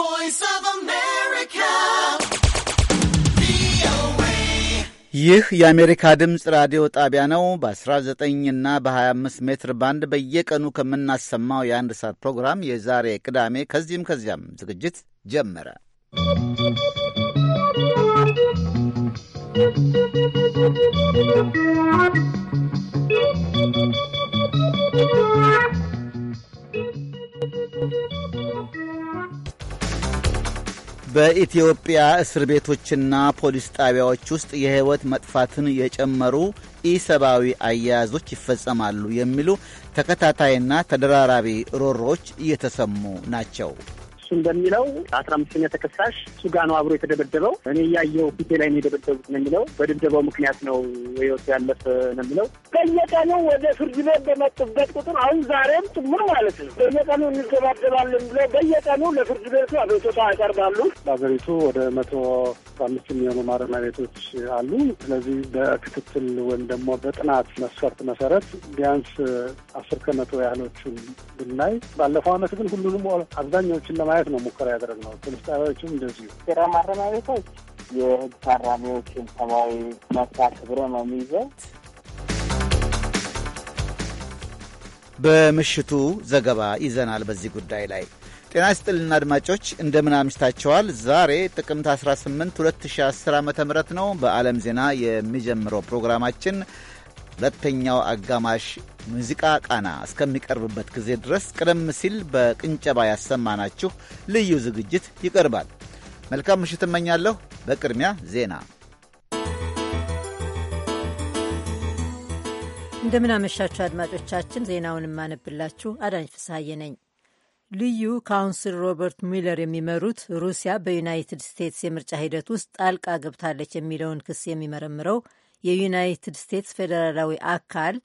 voice of America. ይህ የአሜሪካ ድምፅ ራዲዮ ጣቢያ ነው። በ19 እና በ25 ሜትር ባንድ በየቀኑ ከምናሰማው የአንድ ሰዓት ፕሮግራም የዛሬ ቅዳሜ ከዚህም ከዚያም ዝግጅት ጀመረ። ¶¶ በኢትዮጵያ እስር ቤቶችና ፖሊስ ጣቢያዎች ውስጥ የህይወት መጥፋትን የጨመሩ ኢሰብአዊ አያያዞች ይፈጸማሉ የሚሉ ተከታታይና ተደራራቢ ሮሮዎች እየተሰሙ ናቸው። እንደሚለው አስራ አምስተኛ ተከሳሽ እሱ ጋ ነው አብሮ የተደበደበው። እኔ እያየው ፊቴ ላይ ነው የደበደቡት ነው የሚለው። በድብደባው ምክንያት ነው ህይወቱ ያለፈ ነው የሚለው። በየቀኑ ወደ ፍርድ ቤት በመጡበት ቁጥር አሁን ዛሬም ጭምር ማለት ነው በየቀኑ እንደባደባለን ብለው በየቀኑ ለፍርድ ቤቱ አቤቱታ ያቀርባሉ። በሀገሪቱ ወደ መቶ አምስት የሚሆኑ ማረሚያ ቤቶች አሉ። ስለዚህ በክትትል ወይም ደግሞ በጥናት መስፈርት መሰረት ቢያንስ አስር ከመቶ ያህሎቹን ብናይ፣ ባለፈው አመት ግን ሁሉንም አብዛኛዎችን ለማየት ለማየት ነው ሙከራ ያደረግነው። ፖሊስ ጣቢያዎችም እንደዚሁ ፌራ ማረሚያ ቤቶች የህግ ታራሚዎችን ሰብአዊ መብት አክብሮ ነው የሚይዘው። በምሽቱ ዘገባ ይዘናል በዚህ ጉዳይ ላይ። ጤና ይስጥልና አድማጮች እንደምን አምሽታችኋል። ዛሬ ጥቅምት 18 2010 ዓ ም ነው በዓለም ዜና የሚጀምረው ፕሮግራማችን ሁለተኛው አጋማሽ ሙዚቃ ቃና እስከሚቀርብበት ጊዜ ድረስ ቀደም ሲል በቅንጨባ ያሰማናችሁ ልዩ ዝግጅት ይቀርባል። መልካም ምሽት እመኛለሁ። በቅድሚያ ዜና እንደምናመሻችሁ አድማጮቻችን። ዜናውን የማነብላችሁ አዳኝ ፍስሐዬ ነኝ። ልዩ ካውንስል ሮበርት ሚለር የሚመሩት ሩሲያ በዩናይትድ ስቴትስ የምርጫ ሂደት ውስጥ ጣልቃ ገብታለች የሚለውን ክስ የሚመረምረው የዩናይትድ ስቴትስ ፌዴራላዊ አካል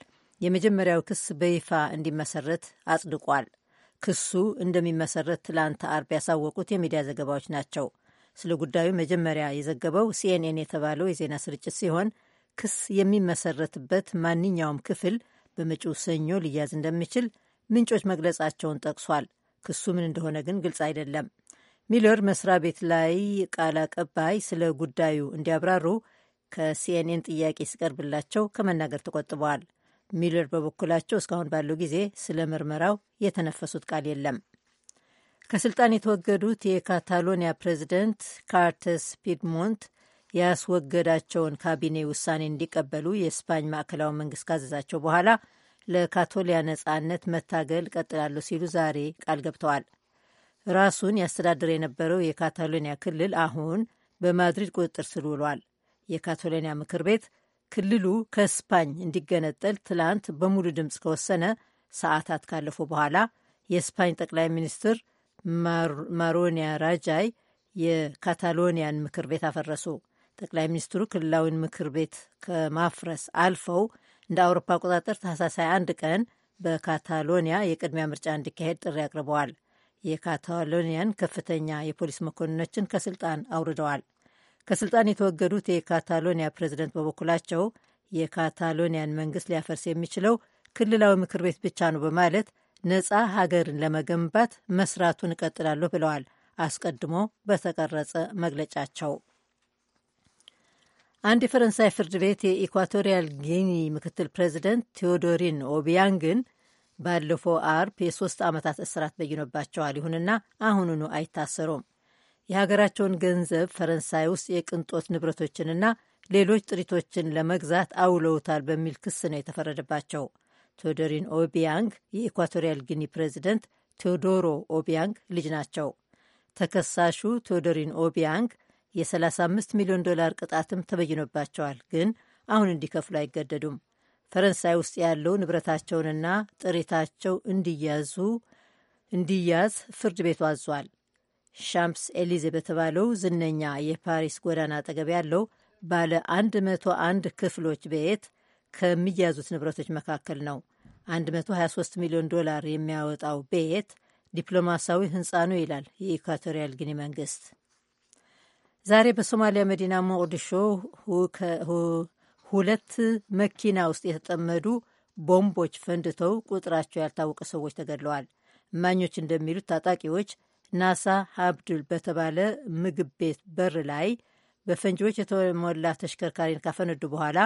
የመጀመሪያው ክስ በይፋ እንዲመሰረት አጽድቋል። ክሱ እንደሚመሰረት ትላንት አርብ ያሳወቁት የሚዲያ ዘገባዎች ናቸው። ስለ ጉዳዩ መጀመሪያ የዘገበው ሲኤንኤን የተባለው የዜና ስርጭት ሲሆን ክስ የሚመሰረትበት ማንኛውም ክፍል በመጪው ሰኞ ሊያዝ እንደሚችል ምንጮች መግለጻቸውን ጠቅሷል። ክሱ ምን እንደሆነ ግን ግልጽ አይደለም። ሚለር መስሪያ ቤት ላይ ቃል አቀባይ ስለ ጉዳዩ እንዲያብራሩ ከሲኤንኤን ጥያቄ ሲቀርብላቸው ከመናገር ተቆጥበዋል። ሚለር በበኩላቸው እስካሁን ባለው ጊዜ ስለ ምርመራው የተነፈሱት ቃል የለም። ከስልጣን የተወገዱት የካታሎኒያ ፕሬዚደንት ካርተስ ፒድሞንት ያስወገዳቸውን ካቢኔ ውሳኔ እንዲቀበሉ የስፓኝ ማዕከላዊ መንግስት ካዘዛቸው በኋላ ለካቶሊያ ነጻነት መታገል ቀጥላለሁ ሲሉ ዛሬ ቃል ገብተዋል። ራሱን ያስተዳድር የነበረው የካታሎኒያ ክልል አሁን በማድሪድ ቁጥጥር ስር ውሏል። የካቶሎኒያ ምክር ቤት ክልሉ ከስፓኝ እንዲገነጠል ትላንት በሙሉ ድምፅ ከወሰነ ሰዓታት ካለፉ በኋላ የስፓኝ ጠቅላይ ሚኒስትር ማሮኒያ ራጃይ የካታሎኒያን ምክር ቤት አፈረሱ። ጠቅላይ ሚኒስትሩ ክልላዊን ምክር ቤት ከማፍረስ አልፈው እንደ አውሮፓ አቆጣጠር ታህሳስ 21 ቀን በካታሎኒያ የቅድሚያ ምርጫ እንዲካሄድ ጥሪ አቅርበዋል። የካታሎኒያን ከፍተኛ የፖሊስ መኮንኖችን ከስልጣን አውርደዋል። ከስልጣን የተወገዱት የካታሎኒያ ፕሬዝደንት በበኩላቸው የካታሎኒያን መንግስት ሊያፈርስ የሚችለው ክልላዊ ምክር ቤት ብቻ ነው በማለት ነፃ ሀገርን ለመገንባት መስራቱን እቀጥላለሁ ብለዋል። አስቀድሞ በተቀረጸ መግለጫቸው አንድ የፈረንሳይ ፍርድ ቤት የኢኳቶሪያል ጊኒ ምክትል ፕሬዚደንት ቴዎዶሪን ኦቢያንግን ባለፈው አርብ የሶስት ዓመታት እስራት በይኖባቸዋል። ይሁንና አሁኑኑ አይታሰሩም። የሀገራቸውን ገንዘብ ፈረንሳይ ውስጥ የቅንጦት ንብረቶችንና ሌሎች ጥሪቶችን ለመግዛት አውለውታል በሚል ክስ ነው የተፈረደባቸው። ቴዎዶሪን ኦቢያንግ የኢኳቶሪያል ጊኒ ፕሬዚደንት ቴዎዶሮ ኦቢያንግ ልጅ ናቸው። ተከሳሹ ቴዎዶሪን ኦቢያንግ የ35 ሚሊዮን ዶላር ቅጣትም ተበይኖባቸዋል። ግን አሁን እንዲከፍሉ አይገደዱም። ፈረንሳይ ውስጥ ያለው ንብረታቸውንና ጥሪታቸው እንዲያዙ እንዲያዝ ፍርድ ቤቱ አዟል። ሻምፕስ ኤሊዜ በተባለው ዝነኛ የፓሪስ ጎዳና አጠገብ ያለው ባለ 101 ክፍሎች ቤት ከሚያዙት ንብረቶች መካከል ነው። 123 ሚሊዮን ዶላር የሚያወጣው ቤት ዲፕሎማሲያዊ ህንፃ ነው ይላል የኢኳቶሪያል ጊኒ መንግስት። ዛሬ በሶማሊያ መዲና ሞቅዲሾ ሁለት መኪና ውስጥ የተጠመዱ ቦምቦች ፈንድተው ቁጥራቸው ያልታወቀ ሰዎች ተገድለዋል። እማኞች እንደሚሉት ታጣቂዎች ናሳ ሀብዱል በተባለ ምግብ ቤት በር ላይ በፈንጂዎች የተሞላ ተሽከርካሪን ካፈነዱ በኋላ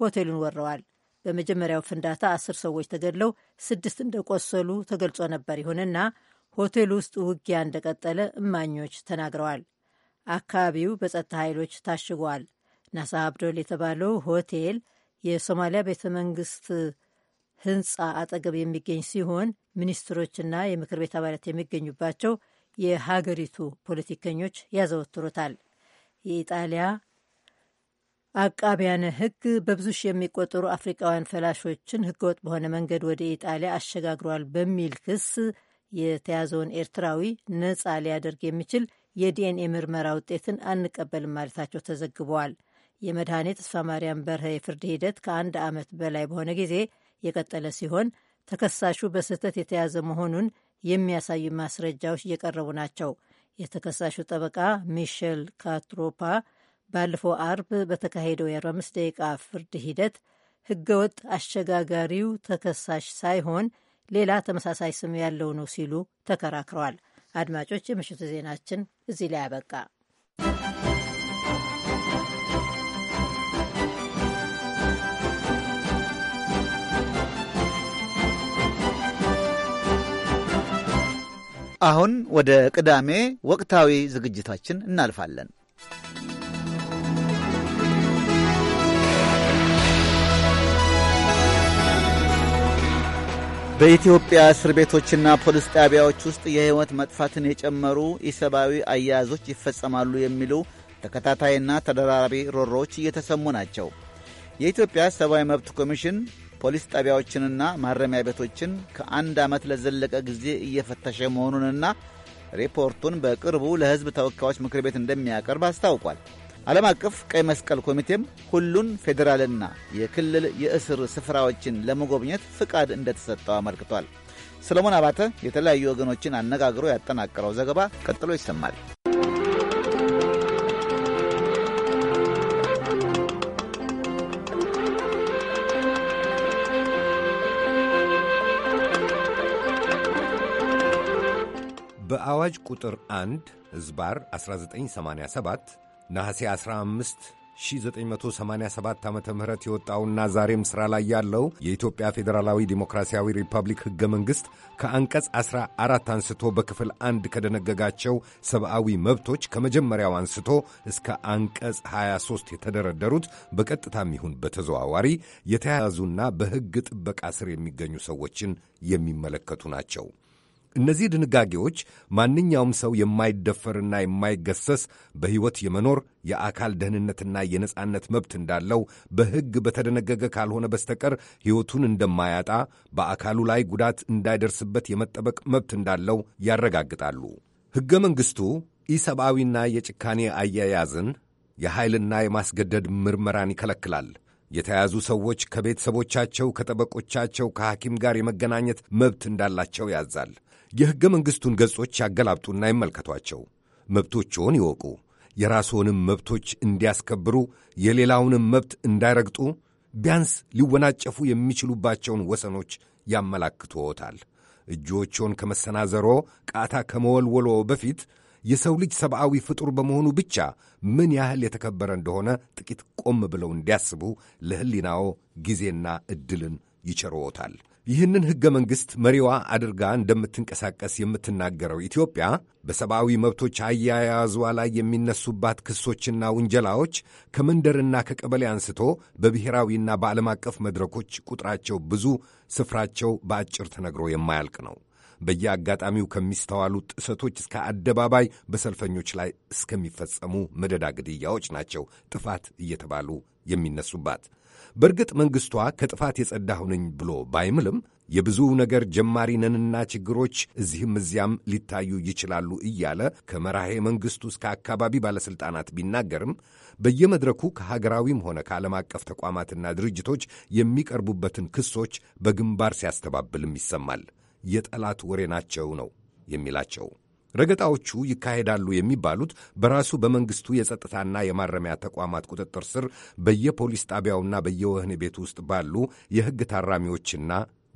ሆቴሉን ወረዋል። በመጀመሪያው ፍንዳታ አስር ሰዎች ተገድለው ስድስት እንደቆሰሉ ተገልጾ ነበር። ይሁንና ሆቴል ውስጥ ውጊያ እንደቀጠለ እማኞች ተናግረዋል። አካባቢው በጸጥታ ኃይሎች ታሽጓል። ናሳ አብዶል የተባለው ሆቴል የሶማሊያ ቤተ መንግስት ህንፃ አጠገብ የሚገኝ ሲሆን ሚኒስትሮችና የምክር ቤት አባላት የሚገኙባቸው የሀገሪቱ ፖለቲከኞች ያዘወትሩታል። የኢጣሊያ አቃቢያነ ሕግ በብዙ ሺህ የሚቆጠሩ አፍሪካውያን ፈላሾችን ህገወጥ በሆነ መንገድ ወደ ኢጣሊያ አሸጋግሯል በሚል ክስ የተያዘውን ኤርትራዊ ነጻ ሊያደርግ የሚችል የዲኤንኤ ምርመራ ውጤትን አንቀበልም ማለታቸው ተዘግበዋል። የመድኃኔ ተስፋ ማርያም በርሀ የፍርድ ሂደት ከአንድ ዓመት በላይ በሆነ ጊዜ የቀጠለ ሲሆን ተከሳሹ በስህተት የተያዘ መሆኑን የሚያሳዩ ማስረጃዎች እየቀረቡ ናቸው። የተከሳሹ ጠበቃ ሚሸል ካትሮፓ ባለፈው አርብ በተካሄደው የ45 ደቂቃ ፍርድ ሂደት ህገወጥ አሸጋጋሪው ተከሳሽ ሳይሆን ሌላ ተመሳሳይ ስም ያለው ነው ሲሉ ተከራክረዋል። አድማጮች፣ የምሽቱ ዜናችን እዚህ ላይ አበቃ። አሁን ወደ ቅዳሜ ወቅታዊ ዝግጅታችን እናልፋለን። በኢትዮጵያ እስር ቤቶችና ፖሊስ ጣቢያዎች ውስጥ የሕይወት መጥፋትን የጨመሩ ኢሰብአዊ አያያዞች ይፈጸማሉ የሚሉ ተከታታይና ተደራራቢ ሮሮዎች እየተሰሙ ናቸው። የኢትዮጵያ ሰብአዊ መብት ኮሚሽን ፖሊስ ጣቢያዎችንና ማረሚያ ቤቶችን ከአንድ ዓመት ለዘለቀ ጊዜ እየፈተሸ መሆኑንና ሪፖርቱን በቅርቡ ለሕዝብ ተወካዮች ምክር ቤት እንደሚያቀርብ አስታውቋል። ዓለም አቀፍ ቀይ መስቀል ኮሚቴም ሁሉን ፌዴራልና የክልል የእስር ስፍራዎችን ለመጎብኘት ፍቃድ እንደተሰጠው አመልክቷል። ሰለሞን አባተ የተለያዩ ወገኖችን አነጋግሮ ያጠናቀረው ዘገባ ቀጥሎ ይሰማል። በአዋጅ ቁጥር 1 ዝባር 1987 ነሐሴ 15 1987 ዓ ም የወጣውና ዛሬም ሥራ ላይ ያለው የኢትዮጵያ ፌዴራላዊ ዲሞክራሲያዊ ሪፐብሊክ ሕገ መንግሥት ከአንቀጽ 14 አንስቶ በክፍል አንድ ከደነገጋቸው ሰብአዊ መብቶች ከመጀመሪያው አንስቶ እስከ አንቀጽ 23 የተደረደሩት በቀጥታም ይሁን በተዘዋዋሪ የተያያዙና በሕግ ጥበቃ ስር የሚገኙ ሰዎችን የሚመለከቱ ናቸው። እነዚህ ድንጋጌዎች ማንኛውም ሰው የማይደፈርና የማይገሰስ በሕይወት የመኖር የአካል ደህንነትና የነጻነት መብት እንዳለው በሕግ በተደነገገ ካልሆነ በስተቀር ሕይወቱን እንደማያጣ በአካሉ ላይ ጉዳት እንዳይደርስበት የመጠበቅ መብት እንዳለው ያረጋግጣሉ። ሕገ መንግሥቱ ኢሰብአዊና የጭካኔ አያያዝን የኃይልና የማስገደድ ምርመራን ይከለክላል። የተያዙ ሰዎች ከቤተሰቦቻቸው፣ ከጠበቆቻቸው፣ ከሐኪም ጋር የመገናኘት መብት እንዳላቸው ያዛል። የሕገ መንግሥቱን ገጾች ያገላብጡና ይመልከቷቸው። መብቶችዎን ይወቁ። የራስዎንም መብቶች እንዲያስከብሩ፣ የሌላውንም መብት እንዳይረግጡ ቢያንስ ሊወናጨፉ የሚችሉባቸውን ወሰኖች ያመላክቶዎታል። እጆችዎን ከመሰናዘሮ ቃታ ከመወልወሎ በፊት የሰው ልጅ ሰብአዊ ፍጡር በመሆኑ ብቻ ምን ያህል የተከበረ እንደሆነ ጥቂት ቆም ብለው እንዲያስቡ ለሕሊናዎ ጊዜና ዕድልን ይቸርዎታል። ይህንን ሕገ መንግሥት መሪዋ አድርጋ እንደምትንቀሳቀስ የምትናገረው ኢትዮጵያ በሰብአዊ መብቶች አያያዟ ላይ የሚነሱባት ክሶችና ውንጀላዎች ከመንደርና ከቀበሌ አንስቶ በብሔራዊና በዓለም አቀፍ መድረኮች ቁጥራቸው ብዙ፣ ስፍራቸው በአጭር ተነግሮ የማያልቅ ነው። በየአጋጣሚው ከሚስተዋሉ ጥሰቶች እስከ አደባባይ በሰልፈኞች ላይ እስከሚፈጸሙ መደዳ ግድያዎች ናቸው ጥፋት እየተባሉ የሚነሱባት። በእርግጥ መንግሥቷ ከጥፋት የጸዳሁ ነኝ ብሎ ባይምልም የብዙ ነገር ጀማሪ ነንና ችግሮች እዚህም እዚያም ሊታዩ ይችላሉ እያለ ከመራሄ መንግሥቱ እስከ አካባቢ ባለሥልጣናት ቢናገርም በየመድረኩ ከሀገራዊም ሆነ ከዓለም አቀፍ ተቋማትና ድርጅቶች የሚቀርቡበትን ክሶች በግንባር ሲያስተባብልም ይሰማል። የጠላት ወሬ ናቸው ነው የሚላቸው። ረገጣዎቹ ይካሄዳሉ የሚባሉት በራሱ በመንግስቱ የጸጥታና የማረሚያ ተቋማት ቁጥጥር ስር በየፖሊስ ጣቢያውና በየወህኒ ቤት ውስጥ ባሉ የሕግ ታራሚዎችና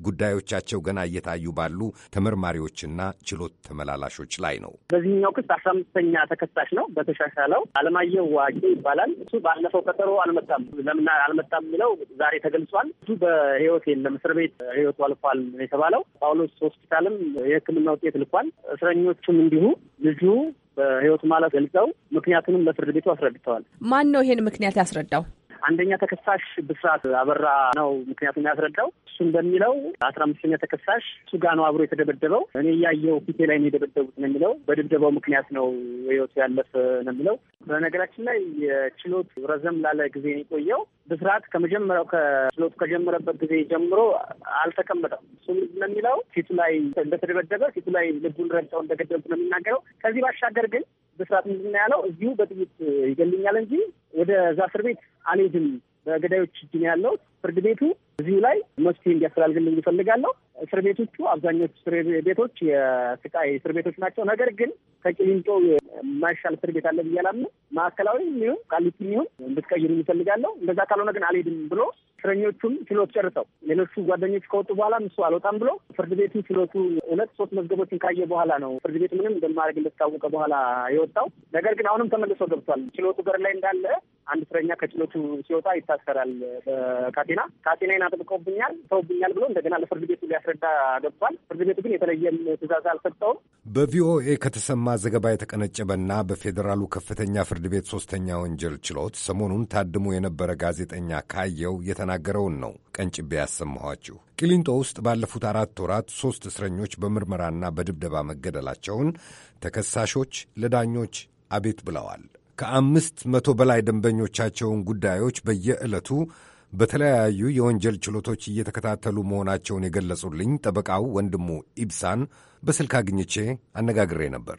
ጉዳዮቻቸው ገና እየታዩ ባሉ ተመርማሪዎችና ችሎት ተመላላሾች ላይ ነው። በዚህኛው ክስ አስራ አምስተኛ ተከሳሽ ነው። በተሻሻለው አለማየሁ ዋቂ ይባላል። እሱ ባለፈው ቀጠሮ አልመጣም። ለምን አልመጣም የሚለው ዛሬ ተገልጿል። እሱ በህይወት የለም፣ እስር ቤት ህይወቱ አልፏል የተባለው። ጳውሎስ ሆስፒታልም የህክምና ውጤት ልኳል። እስረኞቹም እንዲሁ ልጁ በህይወቱ ማለት ገልጸው ምክንያቱንም ለፍርድ ቤቱ አስረድተዋል። ማን ነው ይሄን ምክንያት ያስረዳው? አንደኛ ተከሳሽ ብስራት አበራ ነው ምክንያቱም ያስረዳው እሱ እንደሚለው አስራ አምስተኛ ተከሳሽ እሱ ጋ ነው አብሮ የተደበደበው እኔ እያየው ፊቴ ላይ ነው የደበደቡት ነው የሚለው በድብደባው ምክንያት ነው ህይወቱ ያለፈ ነው የሚለው በነገራችን ላይ የችሎት ረዘም ላለ ጊዜ ነው የቆየው ብስራት ከመጀመሪያው ከችሎቱ ከጀመረበት ጊዜ ጀምሮ አልተቀመጠም እሱ ነው የሚለው ፊቱ ላይ እንደተደበደበ ፊቱ ላይ ልቡን ረግጠው እንደገደሉት ነው የሚናገረው ከዚህ ባሻገር ግን ብስራት ምንድን ያለው እዚሁ በጥይት ይገልኛል እንጂ ወደ እዛ እስር ቤት አልሄድም፣ በገዳዮች እጅ ነው ያለሁት ፍርድ ቤቱ እዚሁ ላይ መፍትሄ እንዲያስተላልፍልኝ ይፈልጋለሁ። እስር ቤቶቹ አብዛኞቹ እስር ቤቶች የስቃይ እስር ቤቶች ናቸው። ነገር ግን ከቂሊንጦ የማይሻል እስር ቤት አለ ብዬ አላምንም። ማዕከላዊ የሚሆን ቃሊቲ የሚሆን እንድትቀይሩኝ ይፈልጋለሁ። እንደዛ ካልሆነ ግን አልሄድም ብሎ እስረኞቹም ችሎት ጨርሰው ሌሎቹ ጓደኞች ከወጡ በኋላ እሱ አልወጣም ብሎ ፍርድ ቤቱ ችሎቱ ሁለት ሶስት መዝገቦችን ካየ በኋላ ነው ፍርድ ቤት ምንም እንደማድረግ እንደታወቀ በኋላ የወጣው። ነገር ግን አሁንም ተመልሶ ገብቷል። ችሎቱ በር ላይ እንዳለ አንድ እስረኛ ከችሎቱ ሲወጣ ይታሰራል በካቴ ካቴና ካቴናዬን አጥብቀውብኛል፣ ተውብኛል ብሎ እንደገና ለፍርድ ቤቱ ሊያስረዳ ገብቷል። ፍርድ ቤቱ ግን የተለየም ትእዛዝ አልሰጠውም። በቪኦኤ ከተሰማ ዘገባ የተቀነጨበና በፌዴራሉ ከፍተኛ ፍርድ ቤት ሶስተኛ ወንጀል ችሎት ሰሞኑን ታድሞ የነበረ ጋዜጠኛ ካየው የተናገረውን ነው ቀንጭቤ ያሰማኋችሁ። ቅሊንጦ ውስጥ ባለፉት አራት ወራት ሦስት እስረኞች በምርመራና በድብደባ መገደላቸውን ተከሳሾች ለዳኞች አቤት ብለዋል። ከአምስት መቶ በላይ ደንበኞቻቸውን ጉዳዮች በየዕለቱ በተለያዩ የወንጀል ችሎቶች እየተከታተሉ መሆናቸውን የገለጹልኝ ጠበቃው ወንድሙ ኢብሳን በስልክ አግኝቼ አነጋግሬ ነበር።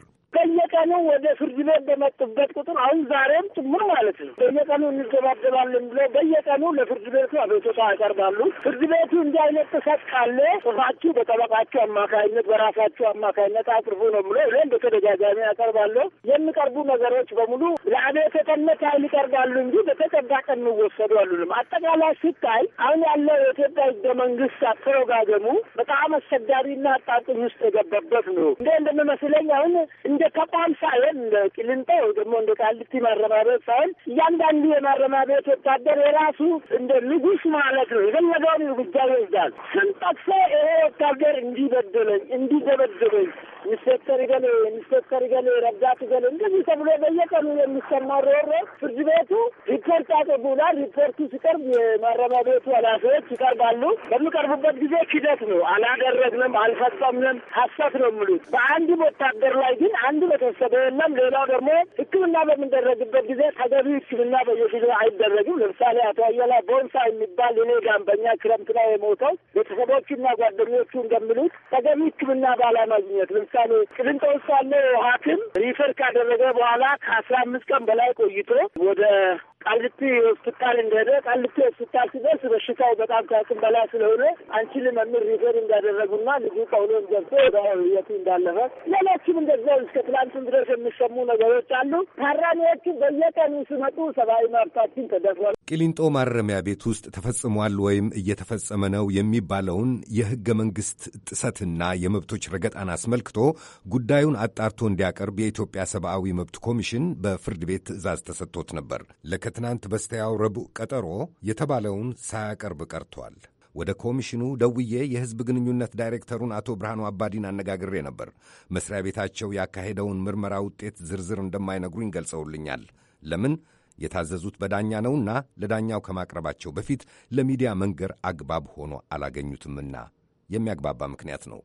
በየቀኑ ወደ ፍርድ ቤት በመጡበት ቁጥር አሁን ዛሬም ጭምር ማለት ነው በየቀኑ እንገባደባለን ብሎ በየቀኑ ለፍርድ ቤቱ አቤቱታ ያቀርባሉ። ፍርድ ቤቱ እንዲህ አይነት ጥሰት ካለ ጽፋችሁ በጠበቃችሁ አማካኝነት በራሳችሁ አማካኝነት አቅርቡ ነው ብሎ እኔም በተደጋጋሚ ያቀርባለሁ። የሚቀርቡ ነገሮች በሙሉ ለአቤተጠነት ያህል ይቀርባሉ እንጂ በተጨባጭ የሚወሰዱ አሉንም። አጠቃላይ ሲታይ አሁን ያለው የኢትዮጵያ ህገ መንግስት አተረጋገሙ በጣም አስቸጋሪና አጣብቂኝ ውስጥ የገባበት ነው። እንደ እንደሚመስለኝ አሁን እንደ ተቋም ሳይሆን እንደ ቂሊንጦ ደግሞ እንደ ቃሊቲ ማረሚያ ቤት ሳይሆን እያንዳንዱ የማረሚያ ቤት ወታደር የራሱ እንደ ንጉስ ማለት ነው። የፈለገውን እርምጃ ይወስዳል። ስንጠቅሰ ይሄ ወታደር እንዲበደለኝ እንዲደበደበኝ ኢንስፔክተር ገሌ ኢንስፔክተር ገሌ ረዳት ገሌ እንደዚህ ተብሎ በየቀኑ የሚሰማው ሮሮ ፍርድ ቤቱ ሪፖርት ያቀርቡላል። ሪፖርቱ ሲቀርብ የማረሚያ ቤቱ ኃላፊዎች ይቀርባሉ። በሚቀርቡበት ጊዜ ክደት ነው፣ አላደረግንም፣ አልፈጸምንም፣ ሀሰት ነው የሚሉት። በአንድም ወታደር ላይ ግን አንድ በተወሰደ የለም። ሌላው ደግሞ ሕክምና በምንደረግበት ጊዜ ተገቢ ሕክምና በየጊዜው አይደረግም። ለምሳሌ አቶ አያላ ቦንሳ የሚባል እኔ ጋምበኛ ክረምት ላይ የሞተው ቤተሰቦቹና ጓደኞቹ እንደሚሉት ተገቢ ሕክምና ባላማግኘት ለምሳሌ ቅድንጠ ውስጥ ያለው ሐኪም ሪፈር ካደረገ በኋላ ከአስራ አምስት ቀን በላይ ቆይቶ ወደ ቃልቲ ሆስፒታል እንደሄደ ቃልቲ ሆስፒታል ሲደርስ በሽታው በጣም ከአቅም በላይ ስለሆነ አንቺን መምህር ሪፈር እንዳደረጉና ልጁ ቀውሎን ገብቶ ወደ ህይወቱ እንዳለፈ ሌሎችም እንደዚያው እስከ ትላንትም ድረስ የሚሰሙ ነገሮች አሉ። ታራሚዎቹ በየቀኑ ሲመጡ ሰብአዊ መብታችን ተደፍሯል። ቂሊንጦ ማረሚያ ቤት ውስጥ ተፈጽሟል ወይም እየተፈጸመ ነው የሚባለውን የህገ መንግስት ጥሰትና የመብቶች ረገጣን አስመልክቶ ጉዳዩን አጣርቶ እንዲያቀርብ የኢትዮጵያ ሰብአዊ መብት ኮሚሽን በፍርድ ቤት ትዕዛዝ ተሰጥቶት ነበር። ለትናንት በስቲያው ረቡዕ ቀጠሮ የተባለውን ሳያቀርብ ቀርቷል። ወደ ኮሚሽኑ ደውዬ የሕዝብ ግንኙነት ዳይሬክተሩን አቶ ብርሃኑ አባዲን አነጋግሬ ነበር። መስሪያ ቤታቸው ያካሄደውን ምርመራ ውጤት ዝርዝር እንደማይነግሩኝ ገልጸውልኛል። ለምን የታዘዙት በዳኛ ነውና ለዳኛው ከማቅረባቸው በፊት ለሚዲያ መንገር አግባብ ሆኖ አላገኙትምና የሚያግባባ ምክንያት ነው።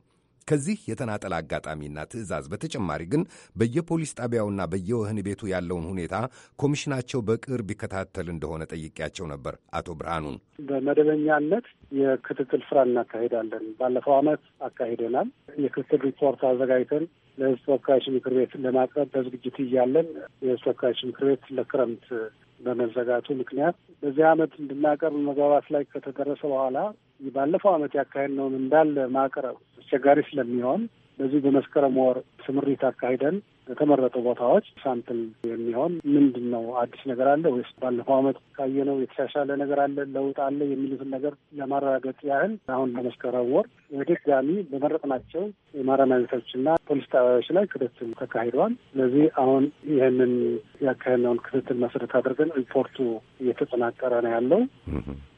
ከዚህ የተናጠል አጋጣሚና ትዕዛዝ በተጨማሪ ግን በየፖሊስ ጣቢያውና በየወህኒ ቤቱ ያለውን ሁኔታ ኮሚሽናቸው በቅርብ ይከታተል እንደሆነ ጠይቄያቸው ነበር። አቶ ብርሃኑን በመደበኛነት የክትትል ስራ እናካሄዳለን። ባለፈው ዓመት አካሂደናል። የክትትል ሪፖርት አዘጋጅተን ለህዝብ ተወካዮች ምክር ቤት ለማቅረብ በዝግጅት እያለን የህዝብ ተወካዮች ምክር ቤት ለክረምት በመዘጋቱ ምክንያት በዚህ ዓመት እንድናቀርብ መግባባት ላይ ከተደረሰ በኋላ ባለፈው ዓመት ያካሄድነውን እንዳለ ማቅረብ አስቸጋሪ ስለሚሆን በዚህ በመስከረም ወር ስምሪት አካሂደን የተመረጡ ቦታዎች ሳምፕል የሚሆን ምንድን ነው አዲስ ነገር አለ ወይስ ባለፈው ዓመት ካየነው የተሻሻለ ነገር አለ ለውጥ አለ የሚሉትን ነገር ለማረጋገጥ ያህል አሁን ለመስከረም ወር በድጋሚ በመረጥናቸው ማረሚያ ቤቶችና ፖሊስ ጣቢያዎች ላይ ክትትል ተካሂደዋል። ስለዚህ አሁን ይህንን ያካሄድነውን ክትትል መሰረት አድርገን ሪፖርቱ እየተጠናቀረ ነው ያለው።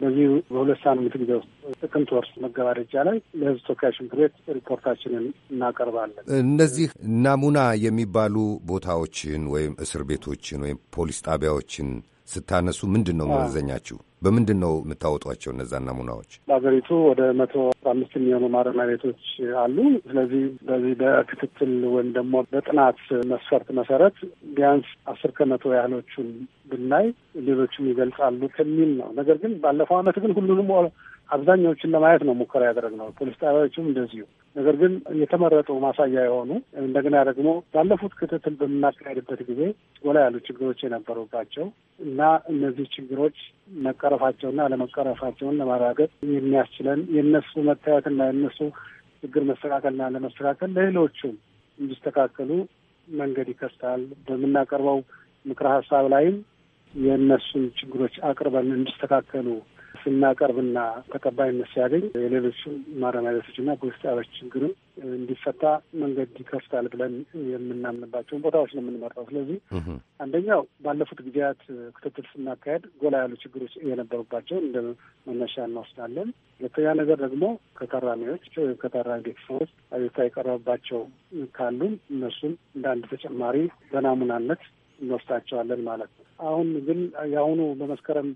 በዚህ በሁለት ሳምንት ጊዜ ውስጥ ጥቅምት ወር መገባደጃ ላይ ለህዝብ ተወካዮች ምክር ቤት ሪፖርታችንን እናቀርባለን። እነዚህ ናሙና የሚባ የሚባሉ ቦታዎችን ወይም እስር ቤቶችን ወይም ፖሊስ ጣቢያዎችን ስታነሱ ምንድን ነው መመዘኛችሁ? በምንድን ነው የምታወጧቸው እነዛ ናሙናዎች? በሀገሪቱ ወደ መቶ አስራ አምስት የሚሆኑ ማረሚያ ቤቶች አሉ። ስለዚህ በዚህ በክትትል ወይም ደግሞ በጥናት መስፈርት መሰረት ቢያንስ አስር ከመቶ ያህሎቹን ብናይ ሌሎችም ይገልጻሉ ከሚል ነው። ነገር ግን ባለፈው አመት ግን ሁሉንም አብዛኛዎችን ለማየት ነው ሙከራ ያደረግነው። ፖሊስ ጣቢያዎችም እንደዚሁ። ነገር ግን የተመረጡ ማሳያ የሆኑ እንደገና ደግሞ ባለፉት ክትትል በምናካሄድበት ጊዜ ጎላ ያሉ ችግሮች የነበሩባቸው እና እነዚህ ችግሮች መቀረፋቸውና አለመቀረፋቸውን ለማረጋገጥ የሚያስችለን የእነሱ መታየትና የእነሱ ችግር መስተካከልና ለመስተካከል ለሌሎቹም እንዲስተካከሉ መንገድ ይከፍታል። በምናቀርበው ምክረ ሀሳብ ላይም የእነሱን ችግሮች አቅርበን እንዲስተካከሉ ስናቀርብና ተቀባይነት ሲያገኝ የሌሎች ማረሚያ ቤቶችና ፖሊስ ጣቢያዎች ችግርም እንዲፈታ መንገድ ይከፍታል ብለን የምናምንባቸውን ቦታዎች ነው የምንመርጠው። ስለዚህ አንደኛው ባለፉት ጊዜያት ክትትል ስናካሄድ ጎላ ያሉ ችግሮች የነበሩባቸው እንደ መነሻ እንወስዳለን። ሁለተኛ ነገር ደግሞ ከታራሚዎች ከታራሚ ቤተሰቦች አቤቱታ የቀረበባቸው ካሉም እነሱም እንደ አንድ ተጨማሪ በናሙናነት እንወስዳቸዋለን ማለት ነው። አሁን ግን የአሁኑ በመስከረም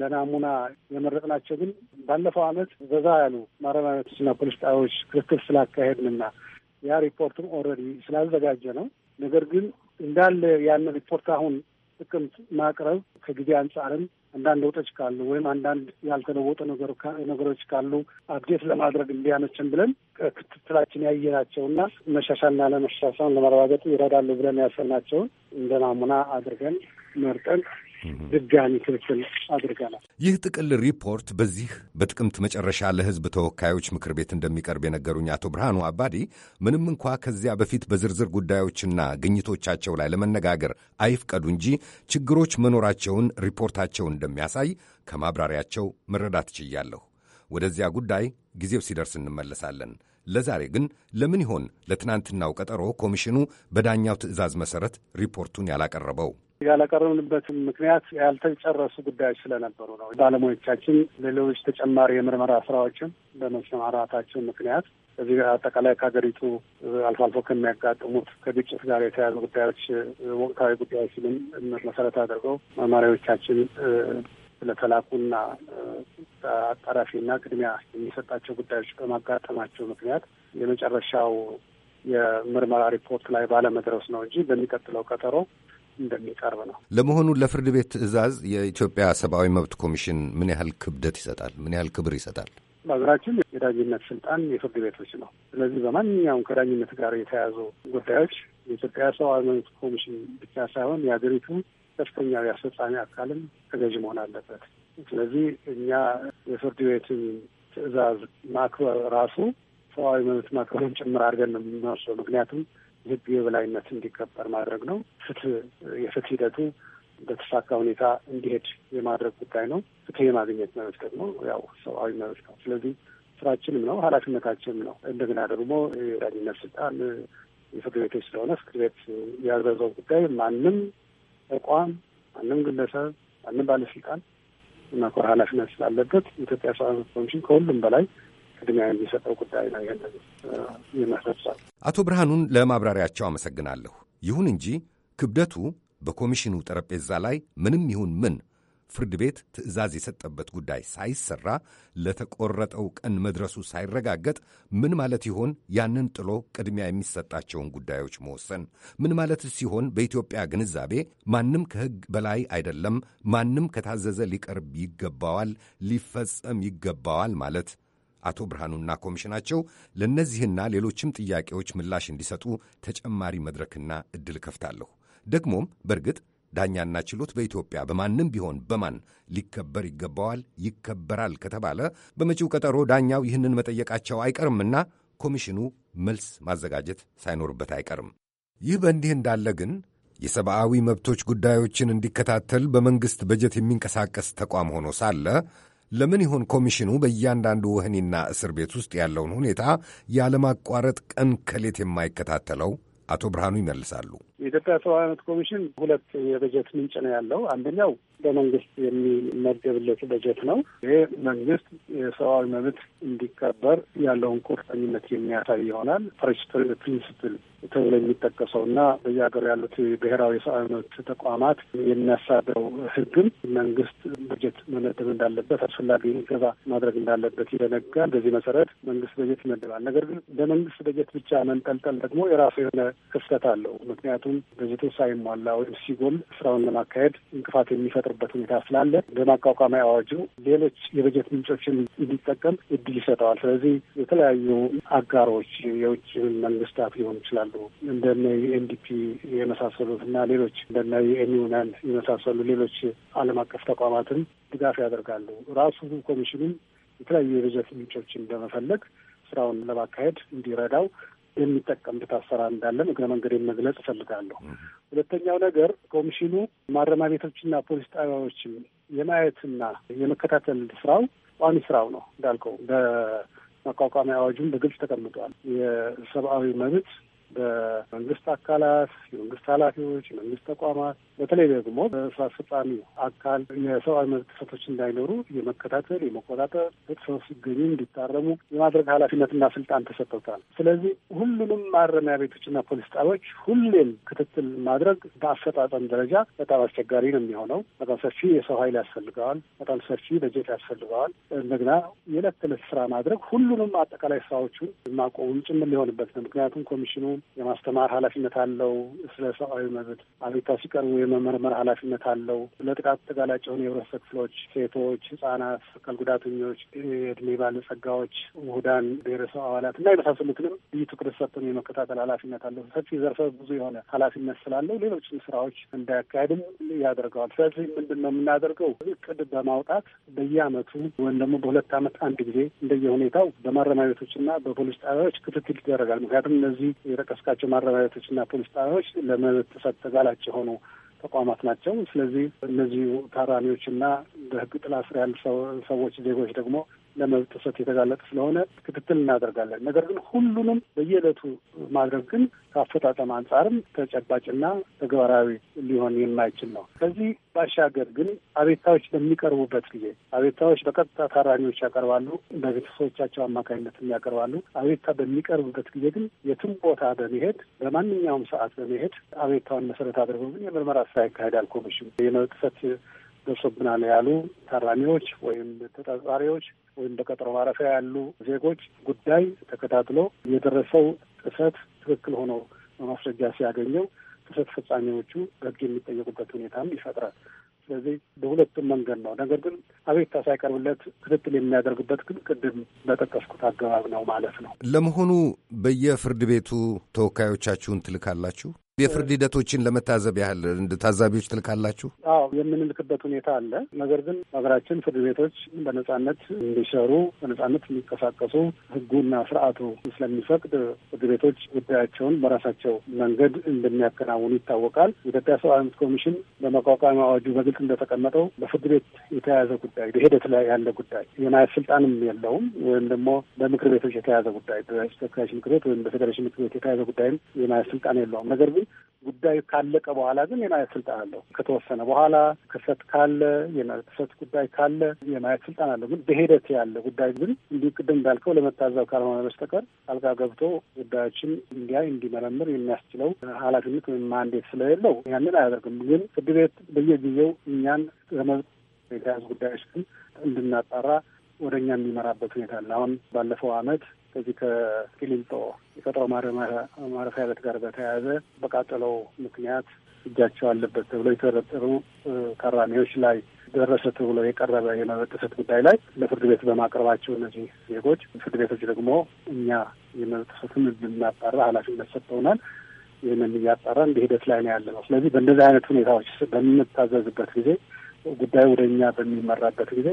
ለናሙና የመረጥናቸው ግን ባለፈው ዓመት በዛ ያሉ ማረሚያ ቤቶችና ፖሊስ ጣቢያዎች ክርክር ስላካሄድንና ያ ሪፖርትም ኦልሬዲ ስላዘጋጀ ነው። ነገር ግን እንዳለ ያን ሪፖርት አሁን ጥቅም ማቅረብ ከጊዜ አንጻርም አንዳንድ ለውጦች ካሉ ወይም አንዳንድ ያልተለወጡ ነገሮች ካሉ አብዴት ለማድረግ እንዲያመችን ብለን ክትትላችን እና መሻሻልና ለመሻሻል ለመረጋገጥ ይረዳሉ ብለን ያሰብናቸውን እንደ ናሙና አድርገን መርጠን Mm-hmm. ድጋሚ ክትትል አድርገናል። ይህ ጥቅል ሪፖርት በዚህ በጥቅምት መጨረሻ ለሕዝብ ተወካዮች ምክር ቤት እንደሚቀርብ የነገሩኝ አቶ ብርሃኑ አባዲ ምንም እንኳ ከዚያ በፊት በዝርዝር ጉዳዮችና ግኝቶቻቸው ላይ ለመነጋገር አይፍቀዱ እንጂ ችግሮች መኖራቸውን ሪፖርታቸው እንደሚያሳይ ከማብራሪያቸው መረዳት ችያለሁ። ወደዚያ ጉዳይ ጊዜው ሲደርስ እንመለሳለን። ለዛሬ ግን ለምን ይሆን ለትናንትናው ቀጠሮ ኮሚሽኑ በዳኛው ትዕዛዝ መሠረት ሪፖርቱን ያላቀረበው? ያላቀረብንበትም ምክንያት ያልተጨረሱ ጉዳዮች ስለነበሩ ነው። ባለሙያዎቻችን ሌሎች ተጨማሪ የምርመራ ስራዎችን በመሰማራታቸው ምክንያት እዚህ አጠቃላይ ከሀገሪቱ አልፎ አልፎ ከሚያጋጥሙት ከግጭት ጋር የተያዙ ጉዳዮች ወቅታዊ ጉዳዮችንም መሰረት አድርገው መርማሪዎቻችን ስለተላኩና አጣራፊና ቅድሚያ የሚሰጣቸው ጉዳዮች በማጋጠማቸው ምክንያት የመጨረሻው የምርመራ ሪፖርት ላይ ባለመድረስ ነው እንጂ በሚቀጥለው ቀጠሮ እንደሚቀርብ ነው። ለመሆኑ ለፍርድ ቤት ትዕዛዝ የኢትዮጵያ ሰብአዊ መብት ኮሚሽን ምን ያህል ክብደት ይሰጣል? ምን ያህል ክብር ይሰጣል? በሀገራችን የዳኝነት ስልጣን የፍርድ ቤቶች ነው። ስለዚህ በማንኛውም ከዳኝነት ጋር የተያዙ ጉዳዮች የኢትዮጵያ ሰብአዊ መብት ኮሚሽን ብቻ ሳይሆን የሀገሪቱ ከፍተኛው የአስፈጻሚ አካልም ተገዥ መሆን አለበት። ስለዚህ እኛ የፍርድ ቤትን ትዕዛዝ ማክበር ራሱ ሰብአዊ መብት ማክበርን ጭምር አድርገን ነው የምንወስደው። ምክንያቱም የህግ የበላይነት እንዲከበር ማድረግ ነው። ፍትህ የፍትህ ሂደቱ በተሳካ ሁኔታ እንዲሄድ የማድረግ ጉዳይ ነው። ፍትህ የማግኘት መብት ደግሞ ያው ሰብአዊ መብት ነው። ስለዚህ ስራችንም ነው ኃላፊነታችንም ነው። እንደገና ደግሞ የዳኝነት ስልጣን የፍርድ ቤቶች ስለሆነ ፍርድ ቤት ያዘዘው ጉዳይ ማንም ተቋም፣ ማንም ግለሰብ፣ ማንም ባለስልጣን እና ኃላፊነት ስላለበት የኢትዮጵያ ሰብአዊ መብት ኮሚሽን ከሁሉም በላይ ቅድሚያ የሚሰጠው ጉዳይ ነው። ያለ የማስረብሳል አቶ ብርሃኑን ለማብራሪያቸው አመሰግናለሁ። ይሁን እንጂ ክብደቱ በኮሚሽኑ ጠረጴዛ ላይ ምንም ይሁን ምን ፍርድ ቤት ትዕዛዝ የሰጠበት ጉዳይ ሳይሰራ ለተቆረጠው ቀን መድረሱ ሳይረጋገጥ ምን ማለት ይሆን? ያንን ጥሎ ቅድሚያ የሚሰጣቸውን ጉዳዮች መወሰን ምን ማለት ሲሆን፣ በኢትዮጵያ ግንዛቤ ማንም ከሕግ በላይ አይደለም፣ ማንም ከታዘዘ ሊቀርብ ይገባዋል፣ ሊፈጸም ይገባዋል ማለት አቶ ብርሃኑና ኮሚሽናቸው ለእነዚህና ሌሎችም ጥያቄዎች ምላሽ እንዲሰጡ ተጨማሪ መድረክና እድል ከፍታለሁ። ደግሞም በእርግጥ ዳኛና ችሎት በኢትዮጵያ በማንም ቢሆን በማን ሊከበር ይገባዋል፣ ይከበራል ከተባለ በመጪው ቀጠሮ ዳኛው ይህንን መጠየቃቸው አይቀርምና ኮሚሽኑ መልስ ማዘጋጀት ሳይኖርበት አይቀርም። ይህ በእንዲህ እንዳለ ግን የሰብአዊ መብቶች ጉዳዮችን እንዲከታተል በመንግሥት በጀት የሚንቀሳቀስ ተቋም ሆኖ ሳለ ለምን ይሆን ኮሚሽኑ በእያንዳንዱ ወህኒና እስር ቤት ውስጥ ያለውን ሁኔታ ያለማቋረጥ ቀን ከሌት የማይከታተለው? አቶ ብርሃኑ ይመልሳሉ። የኢትዮጵያ ሰብአዊ መብት ኮሚሽን ሁለት የበጀት ምንጭ ነው ያለው። አንደኛው በመንግስት የሚመደብለት በጀት ነው። ይሄ መንግስት የሰብአዊ መብት እንዲከበር ያለውን ቁርጠኝነት የሚያሳይ ይሆናል። ፍሬሽ ፕሪንስፕል ተብሎ የሚጠቀሰው እና በየሀገሩ ያሉት ብሔራዊ የሰብአዊ መብት ተቋማት የሚያሳድረው ህግም መንግስት በጀት መመደብ እንዳለበት፣ አስፈላጊ ገዛ ማድረግ እንዳለበት ይደነጋል። በዚህ መሰረት መንግስት በጀት ይመደባል። ነገር ግን በመንግስት በጀት ብቻ መንጠልጠል ደግሞ የራሱ የሆነ ክፍተት አለው። ምክንያቱ ምክንያቱም በጀቱ ሳይሟላ ወይም ሲጎል ስራውን ለማካሄድ እንቅፋት የሚፈጥርበት ሁኔታ ስላለ በማቋቋሚያ አዋጁ ሌሎች የበጀት ምንጮችን እንዲጠቀም እድል ይሰጠዋል። ስለዚህ የተለያዩ አጋሮች የውጭ መንግስታት ሊሆኑ ይችላሉ እንደነ ዩኤንዲፒ የመሳሰሉት እና ሌሎች እንደነ ዩኤንዩናን የመሳሰሉ ሌሎች ዓለም አቀፍ ተቋማትን ድጋፍ ያደርጋሉ። ራሱ ኮሚሽኑም የተለያዩ የበጀት ምንጮችን በመፈለግ ስራውን ለማካሄድ እንዲረዳው የሚጠቀምበት አሰራር እንዳለን እግረ መንገድ መግለጽ እፈልጋለሁ። ሁለተኛው ነገር ኮሚሽኑ ማረሚያ ቤቶችና ፖሊስ ጣቢያዎችን የማየትና የመከታተል ስራው ቋሚ ስራው ነው እንዳልከው በማቋቋሚያ አዋጁም በግልጽ ተቀምጧል። የሰብአዊ መብት በመንግስት አካላት፣ የመንግስት ኃላፊዎች፣ የመንግስት ተቋማት በተለይ ደግሞ በስራ አስፈጻሚ አካል የሰብአዊ መብት ጥሰቶች እንዳይኖሩ የመከታተል የመቆጣጠር ጥሰቶች ሲገኙ እንዲታረሙ የማድረግ ኃላፊነትና ስልጣን ተሰጥተውታል። ስለዚህ ሁሉንም ማረሚያ ቤቶችና ፖሊስ ጣቢያዎች ሁሌም ክትትል ማድረግ በአፈጣጠም ደረጃ በጣም አስቸጋሪ ነው የሚሆነው። በጣም ሰፊ የሰው ኃይል ያስፈልገዋል። በጣም ሰፊ በጀት ያስፈልገዋል። እንደገና የዕለት ተዕለት ስራ ማድረግ ሁሉንም አጠቃላይ ስራዎቹን ማቆሙም ጭምር ሊሆንበት ነው። ምክንያቱም ኮሚሽኑ የማስተማር ኃላፊነት አለው። ስለ ሰብአዊ መብት አቤቱታ ሲቀርቡ የመመርመር ኃላፊነት አለው። ለጥቃት ተጋላጭ የሆኑ የህብረተሰብ ክፍሎች ሴቶች፣ ህጻናት፣ አካል ጉዳተኞች፣ የእድሜ ባለጸጋዎች፣ ውሁዳን ብሔረሰብ አባላት እና የመሳሰሉትንም ልዩ ትኩረት ሰጥተን የመከታተል ኃላፊነት አለው። ሰፊ ዘርፈ ብዙ የሆነ ኃላፊነት ስላለው ሌሎችን ስራዎች እንዳያካሄድም ያደርገዋል። ስለዚህ ምንድን ነው የምናደርገው? እቅድ በማውጣት በየአመቱ ወይም ደግሞ በሁለት አመት አንድ ጊዜ እንደየሁኔታው በማረሚያ ቤቶችና በፖሊስ ጣቢያዎች ክትትል ይደረጋል። ምክንያቱም እነዚህ የጠቀስካቸው ማረሚያ እና ፖሊስ ጣቢያዎች ለመብት ጥሰት ተጋላጭ የሆኑ ተቋማት ናቸው። ስለዚህ እነዚሁ ታራሚዎች እና በህግ ጥላ ስር ያሉ ሰዎች ዜጎች ደግሞ ለመብት ጥሰት የተጋለጠ ስለሆነ ክትትል እናደርጋለን። ነገር ግን ሁሉንም በየዕለቱ ማድረግ ግን ከአፈጣጠም አንጻርም ተጨባጭና ተግባራዊ ሊሆን የማይችል ነው። ከዚህ ባሻገር ግን አቤታዎች በሚቀርቡበት ጊዜ አቤታዎች በቀጥታ ታራሚዎች ያቀርባሉ፣ በቤተሰቦቻቸው አማካኝነትም ያቀርባሉ። አቤታ በሚቀርቡበት ጊዜ ግን የትም ቦታ በመሄድ በማንኛውም ሰዓት በመሄድ አቤታውን መሰረት አድርገው ግን የምርመራ ስራ ይካሄዳል። ኮሚሽኑ የመብት ጥሰት ደርሶብናል ያሉ ታራሚዎች ወይም ተጠርጣሪዎች ወይም በቀጠሮ ማረፊያ ያሉ ዜጎች ጉዳይ ተከታትሎ የደረሰው ጥሰት ትክክል ሆኖ በማስረጃ ሲያገኘው ጥሰት ፈጻሚዎቹ በሕግ የሚጠየቁበት ሁኔታም ይፈጥራል። ስለዚህ በሁለቱም መንገድ ነው። ነገር ግን አቤቱታ ሳይቀርብለት ክትትል የሚያደርግበት ግን ቅድም በጠቀስኩት አገባብ ነው ማለት ነው። ለመሆኑ በየፍርድ ቤቱ ተወካዮቻችሁን ትልካላችሁ? የፍርድ ሂደቶችን ለመታዘብ ያህል ታዛቢዎች ትልካላችሁ? አዎ የምንልክበት ሁኔታ አለ። ነገር ግን ሀገራችን ፍርድ ቤቶች በነጻነት እንዲሰሩ በነጻነት የሚንቀሳቀሱ ህጉና ስርዓቱ ስለሚፈቅድ ፍርድ ቤቶች ጉዳያቸውን በራሳቸው መንገድ እንደሚያከናውኑ ይታወቃል። የኢትዮጵያ ሰብአዊ መብት ኮሚሽን በመቋቋሚ አዋጁ በግልጽ እንደተቀመጠው በፍርድ ቤት የተያያዘ ጉዳይ በሂደት ላይ ያለ ጉዳይ የማየት ስልጣንም የለውም ወይም ደግሞ በምክር ቤቶች የተያያዘ ጉዳይ በተወካዮች ምክር ቤት ወይም በፌዴሬሽን ምክር ቤት የተያያዘ ጉዳይም የማየት ስልጣን የለውም። ነገር ግን ጉዳዩ ካለቀ በኋላ ግን የማየት ስልጣን አለው። ከተወሰነ በኋላ ክሰት ካለ ክሰት ጉዳይ ካለ የማየት ስልጣን አለው። ግን በሂደት ያለ ጉዳይ ግን እንዲህ ቅድም እንዳልከው ለመታዘብ ካልሆነ በስተቀር አልጋ ገብቶ ጉዳዮችን እንዲያይ እንዲመረምር የሚያስችለው ኃላፊነት ወይም ማንዴት ስለሌለው ያንን አያደርግም። ግን ፍርድ ቤት በየጊዜው እኛን ለመብት የተያዙ ጉዳዮች ግን እንድናጣራ ወደ እኛ የሚመራበት ሁኔታ አለ። አሁን ባለፈው ዓመት ከዚህ ከቂሊንጦ የቀጠሮ ማረፊያ ቤት ጋር በተያያዘ በቃጠለው ምክንያት እጃቸው አለበት ተብሎ የተጠረጠሩ ታራሚዎች ላይ ደረሰ ተብሎ የቀረበ የመብት ጥሰት ጉዳይ ላይ ለፍርድ ቤት በማቅረባቸው እነዚህ ዜጎች ፍርድ ቤቶች ደግሞ እኛ የመብት ጥሰቱን እንድናጣራ ኃላፊነት ሰጥተውናል። ይህንን እያጣራን በሂደት ላይ ነው ያለ ነው። ስለዚህ በእንደዚህ አይነት ሁኔታዎች በምንታዘዝበት ጊዜ ጉዳዩ ወደ እኛ በሚመራበት ጊዜ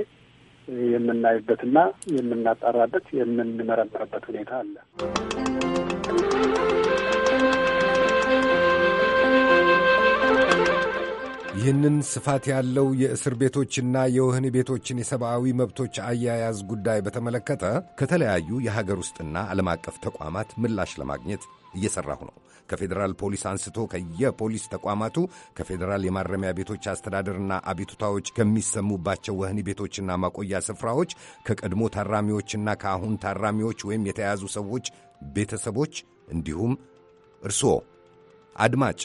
የምናይበትና የምናጣራበት የምንመረምርበት ሁኔታ አለ። ይህንን ስፋት ያለው የእስር ቤቶችና የወህኒ ቤቶችን የሰብአዊ መብቶች አያያዝ ጉዳይ በተመለከተ ከተለያዩ የሀገር ውስጥና ዓለም አቀፍ ተቋማት ምላሽ ለማግኘት እየሠራሁ ነው። ከፌዴራል ፖሊስ አንስቶ ከየፖሊስ ተቋማቱ ከፌዴራል የማረሚያ ቤቶች አስተዳደርና አቤቱታዎች ከሚሰሙባቸው ወህኒ ቤቶችና ማቆያ ስፍራዎች ከቀድሞ ታራሚዎችና ከአሁን ታራሚዎች ወይም የተያዙ ሰዎች ቤተሰቦች እንዲሁም እርስዎ አድማጭ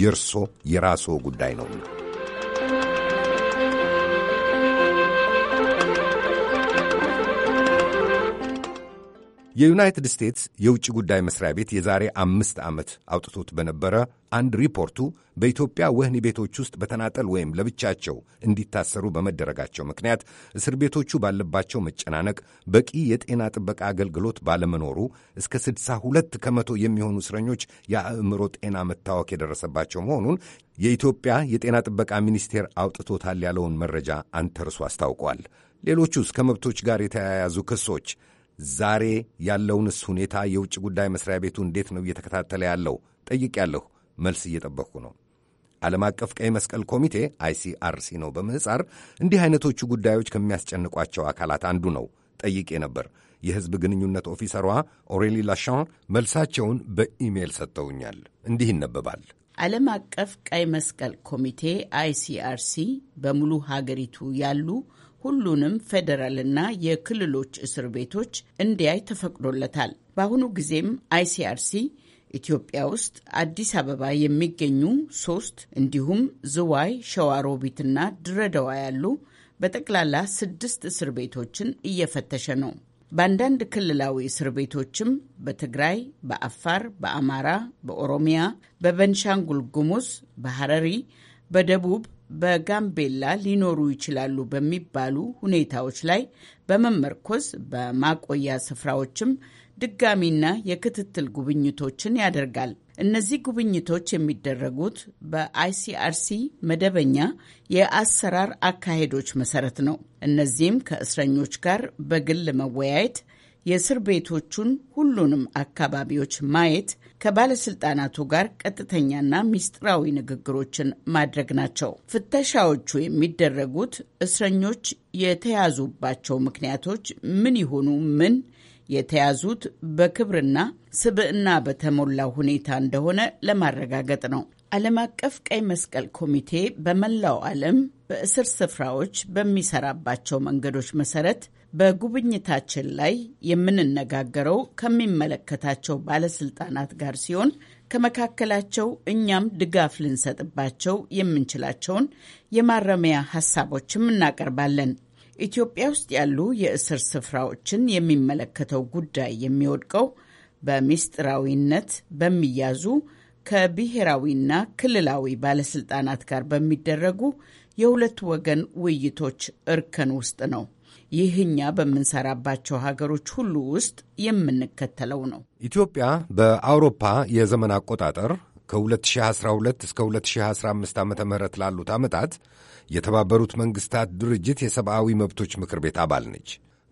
የእርሶ የራስዎ ጉዳይ ነውና የዩናይትድ ስቴትስ የውጭ ጉዳይ መስሪያ ቤት የዛሬ አምስት ዓመት አውጥቶት በነበረ አንድ ሪፖርቱ በኢትዮጵያ ወህኒ ቤቶች ውስጥ በተናጠል ወይም ለብቻቸው እንዲታሰሩ በመደረጋቸው ምክንያት እስር ቤቶቹ ባለባቸው መጨናነቅ፣ በቂ የጤና ጥበቃ አገልግሎት ባለመኖሩ እስከ 62 ከመቶ የሚሆኑ እስረኞች የአእምሮ ጤና መታወክ የደረሰባቸው መሆኑን የኢትዮጵያ የጤና ጥበቃ ሚኒስቴር አውጥቶታል ያለውን መረጃ አንተርሶ አስታውቋል። ሌሎቹ እስከ መብቶች ጋር የተያያዙ ክሶች ዛሬ ያለውንስ ሁኔታ የውጭ ጉዳይ መስሪያ ቤቱ እንዴት ነው እየተከታተለ ያለው? ጠይቄያለሁ። መልስ እየጠበቅኩ ነው። ዓለም አቀፍ ቀይ መስቀል ኮሚቴ አይሲአርሲ ነው በምህፃር። እንዲህ አይነቶቹ ጉዳዮች ከሚያስጨንቋቸው አካላት አንዱ ነው። ጠይቄ ነበር። የሕዝብ ግንኙነት ኦፊሰሯ ኦሬሊ ላሻን መልሳቸውን በኢሜል ሰጥተውኛል። እንዲህ ይነበባል። ዓለም አቀፍ ቀይ መስቀል ኮሚቴ አይሲአርሲ በሙሉ ሀገሪቱ ያሉ ሁሉንም ፌዴራልና የክልሎች እስር ቤቶች እንዲያይ ተፈቅዶለታል። በአሁኑ ጊዜም አይሲአርሲ ኢትዮጵያ ውስጥ አዲስ አበባ የሚገኙ ሶስት እንዲሁም ዝዋይ፣ ሸዋሮቢትና ድረዳዋ ያሉ በጠቅላላ ስድስት እስር ቤቶችን እየፈተሸ ነው። በአንዳንድ ክልላዊ እስር ቤቶችም በትግራይ፣ በአፋር፣ በአማራ፣ በኦሮሚያ፣ በበንሻንጉል ጉሙዝ፣ በሐረሪ፣ በደቡብ በጋምቤላ ሊኖሩ ይችላሉ በሚባሉ ሁኔታዎች ላይ በመመርኮዝ በማቆያ ስፍራዎችም ድጋሚና የክትትል ጉብኝቶችን ያደርጋል። እነዚህ ጉብኝቶች የሚደረጉት በአይሲአርሲ መደበኛ የአሰራር አካሄዶች መሰረት ነው። እነዚህም ከእስረኞች ጋር በግል መወያየት፣ የእስር ቤቶቹን ሁሉንም አካባቢዎች ማየት ከባለስልጣናቱ ጋር ቀጥተኛና ሚስጥራዊ ንግግሮችን ማድረግ ናቸው። ፍተሻዎቹ የሚደረጉት እስረኞች የተያዙባቸው ምክንያቶች ምን ይሆኑ ምን የተያዙት በክብርና ስብዕና በተሞላ ሁኔታ እንደሆነ ለማረጋገጥ ነው። ዓለም አቀፍ ቀይ መስቀል ኮሚቴ በመላው ዓለም በእስር ስፍራዎች በሚሰራባቸው መንገዶች መሰረት በጉብኝታችን ላይ የምንነጋገረው ከሚመለከታቸው ባለስልጣናት ጋር ሲሆን ከመካከላቸው እኛም ድጋፍ ልንሰጥባቸው የምንችላቸውን የማረሚያ ሀሳቦችም እናቀርባለን። ኢትዮጵያ ውስጥ ያሉ የእስር ስፍራዎችን የሚመለከተው ጉዳይ የሚወድቀው በሚስጥራዊነት በሚያዙ ከብሔራዊና ክልላዊ ባለስልጣናት ጋር በሚደረጉ የሁለቱ ወገን ውይይቶች እርከን ውስጥ ነው። ይህኛ በምንሰራባቸው ሀገሮች ሁሉ ውስጥ የምንከተለው ነው። ኢትዮጵያ በአውሮፓ የዘመን አቆጣጠር ከ2012 እስከ 2015 ዓ ም ላሉት ዓመታት የተባበሩት መንግሥታት ድርጅት የሰብአዊ መብቶች ምክር ቤት አባል ነች።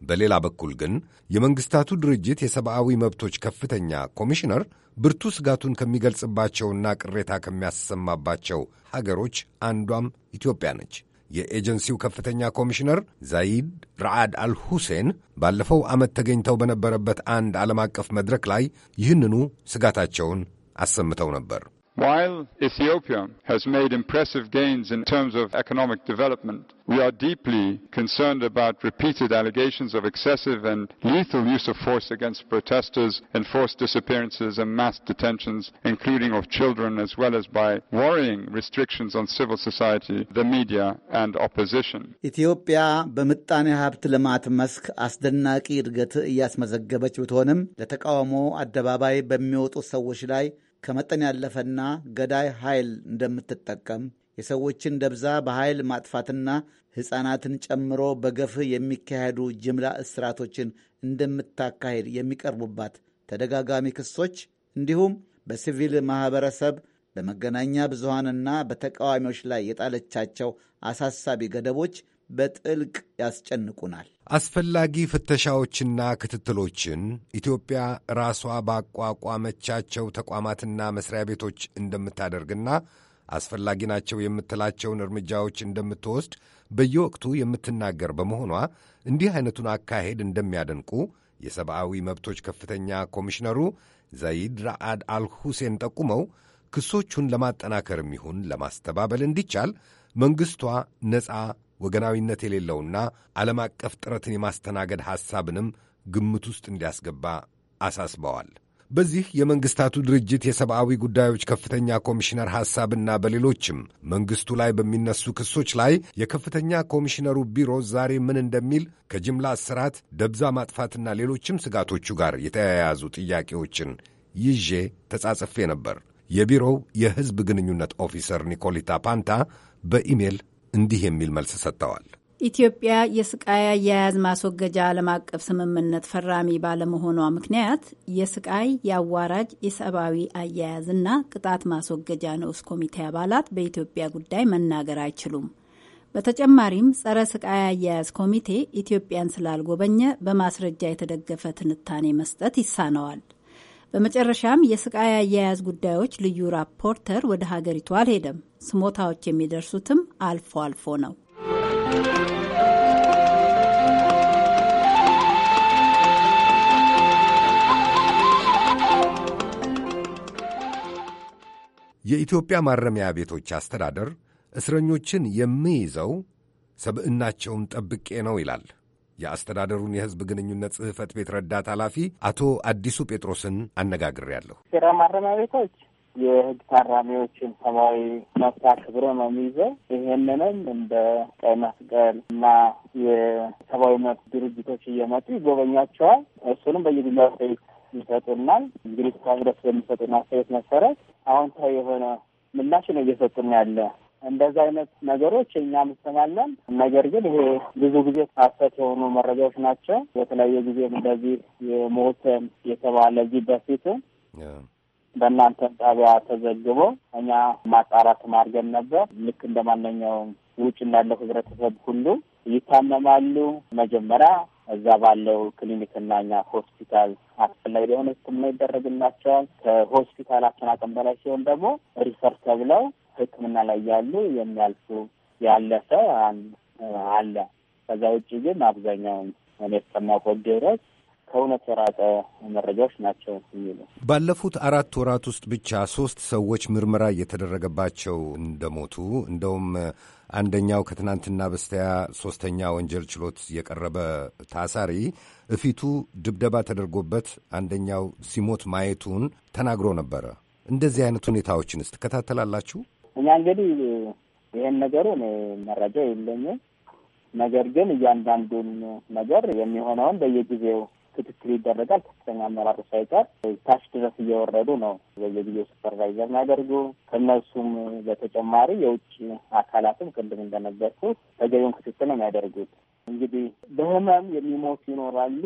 በሌላ በኩል ግን የመንግሥታቱ ድርጅት የሰብአዊ መብቶች ከፍተኛ ኮሚሽነር ብርቱ ስጋቱን ከሚገልጽባቸውና ቅሬታ ከሚያሰማባቸው ሀገሮች አንዷም ኢትዮጵያ ነች። የኤጀንሲው ከፍተኛ ኮሚሽነር ዛይድ ረዓድ አልሁሴን ባለፈው ዓመት ተገኝተው በነበረበት አንድ ዓለም አቀፍ መድረክ ላይ ይህንኑ ስጋታቸውን አሰምተው ነበር። While Ethiopia has made impressive gains in terms of economic development, we are deeply concerned about repeated allegations of excessive and lethal use of force against protesters, enforced disappearances, and mass detentions, including of children, as well as by worrying restrictions on civil society, the media, and opposition. ኢትዮጵያ በምጣኔ ሀብት ልማት መስክ አስደናቂ እድገት እያስመዘገበች ብትሆንም ለተቃውሞ አደባባይ ሰዎች ላይ ከመጠን ያለፈና ገዳይ ኃይል እንደምትጠቀም የሰዎችን ደብዛ በኃይል ማጥፋትና ሕፃናትን ጨምሮ በገፍ የሚካሄዱ ጅምላ እስራቶችን እንደምታካሄድ የሚቀርቡባት ተደጋጋሚ ክሶች እንዲሁም በሲቪል ማኅበረሰብ በመገናኛ ብዙሃንና በተቃዋሚዎች ላይ የጣለቻቸው አሳሳቢ ገደቦች በጥልቅ ያስጨንቁናል። አስፈላጊ ፍተሻዎችና ክትትሎችን ኢትዮጵያ ራሷ ባቋቋመቻቸው ተቋማትና መስሪያ ቤቶች እንደምታደርግና አስፈላጊ ናቸው የምትላቸውን እርምጃዎች እንደምትወስድ በየወቅቱ የምትናገር በመሆኗ እንዲህ አይነቱን አካሄድ እንደሚያደንቁ የሰብአዊ መብቶች ከፍተኛ ኮሚሽነሩ ዘይድ ራአድ አልሁሴን ጠቁመው ክሶቹን ለማጠናከርም ይሁን ለማስተባበል እንዲቻል መንግሥቷ ነፃ ወገናዊነት የሌለውና ዓለም አቀፍ ጥረትን የማስተናገድ ሐሳብንም ግምት ውስጥ እንዲያስገባ አሳስበዋል። በዚህ የመንግሥታቱ ድርጅት የሰብአዊ ጉዳዮች ከፍተኛ ኮሚሽነር ሐሳብና በሌሎችም መንግሥቱ ላይ በሚነሱ ክሶች ላይ የከፍተኛ ኮሚሽነሩ ቢሮ ዛሬ ምን እንደሚል ከጅምላ እስራት፣ ደብዛ ማጥፋትና ሌሎችም ስጋቶቹ ጋር የተያያዙ ጥያቄዎችን ይዤ ተጻጽፌ ነበር። የቢሮው የሕዝብ ግንኙነት ኦፊሰር ኒኮሊታ ፓንታ በኢሜል እንዲህ የሚል መልስ ሰጥተዋል። ኢትዮጵያ የስቃይ አያያዝ ማስወገጃ ዓለም አቀፍ ስምምነት ፈራሚ ባለመሆኗ ምክንያት የስቃይ የአዋራጅ የሰብአዊ አያያዝና ቅጣት ማስወገጃ ንዑስ ኮሚቴ አባላት በኢትዮጵያ ጉዳይ መናገር አይችሉም። በተጨማሪም ጸረ ስቃይ አያያዝ ኮሚቴ ኢትዮጵያን ስላልጎበኘ በማስረጃ የተደገፈ ትንታኔ መስጠት ይሳነዋል። በመጨረሻም የስቃይ አያያዝ ጉዳዮች ልዩ ራፖርተር ወደ ሀገሪቱ አልሄደም። ስሞታዎች የሚደርሱትም አልፎ አልፎ ነው። የኢትዮጵያ ማረሚያ ቤቶች አስተዳደር እስረኞችን የሚይዘው ሰብዕናቸውን ጠብቄ ነው ይላል። የአስተዳደሩን የህዝብ ግንኙነት ጽህፈት ቤት ረዳት ኃላፊ አቶ አዲሱ ጴጥሮስን አነጋግሬያለሁ። ሴራ ማረሚያ ቤቶች የህግ ታራሚዎችን ሰብአዊ መብት አክብሮ ነው የሚይዘው። ይህንንም እንደ ቀይ መስቀል እና የሰብአዊ መብት ድርጅቶች እየመጡ ይጎበኛቸዋል። እሱንም በየጊዜው አስተያየት ይሰጡናል። እንግዲህ ካንግረስ በሚሰጡን አስተያየት መሰረት አዎንታዊ የሆነ ምላሽ ነው እየሰጡን ያለ እንደዚህ አይነት ነገሮች እኛ እንሰማለን። ነገር ግን ይሄ ብዙ ጊዜ ሀሰት የሆኑ መረጃዎች ናቸው። በተለያየ ጊዜ እንደዚህ የሞተም የተባለ እዚህ በፊትም በእናንተ ጣቢያ ተዘግቦ እኛ ማጣራት ማድረግ ነበር። ልክ እንደ ማንኛውም ውጭ እንዳለው ህብረተሰብ ሁሉ ይታመማሉ። መጀመሪያ እዛ ባለው ክሊኒክና እኛ ሆስፒታል አስፈላጊ የሆነ ሕክምና ይደረግላቸዋል። ከሆስፒታላችን አቅም በላይ ሲሆን ደግሞ ሪፈር ተብለው ሕክምና ላይ ያሉ የሚያልፉ ያለፈ አለ። ከዛ ውጭ ግን አብዛኛውን እኔ እስከማውቀው ድረስ ከእውነት የራቀ መረጃዎች ናቸው የሚሉ ባለፉት አራት ወራት ውስጥ ብቻ ሶስት ሰዎች ምርመራ እየተደረገባቸው እንደሞቱ እንደውም አንደኛው ከትናንትና በስቲያ ሶስተኛ ወንጀል ችሎት የቀረበ ታሳሪ እፊቱ ድብደባ ተደርጎበት አንደኛው ሲሞት ማየቱን ተናግሮ ነበረ። እንደዚህ አይነት ሁኔታዎችን ስትከታተላላችሁ? እኛ እንግዲህ ይሄን ነገሩ እኔ መረጃ የለኝም። ነገር ግን እያንዳንዱን ነገር የሚሆነውን በየጊዜው ክትትል ይደረጋል። ከፍተኛ አመራሩ ሳይቀር ታች ድረስ እየወረዱ ነው በየጊዜው ሱፐርቫይዘር የሚያደርጉ። ከእነሱም በተጨማሪ የውጭ አካላትም ቅድም እንደነገርኩ ተገቢውን ክትትል ነው የሚያደርጉት። እንግዲህ በህመም የሚሞቱ ይኖራሉ።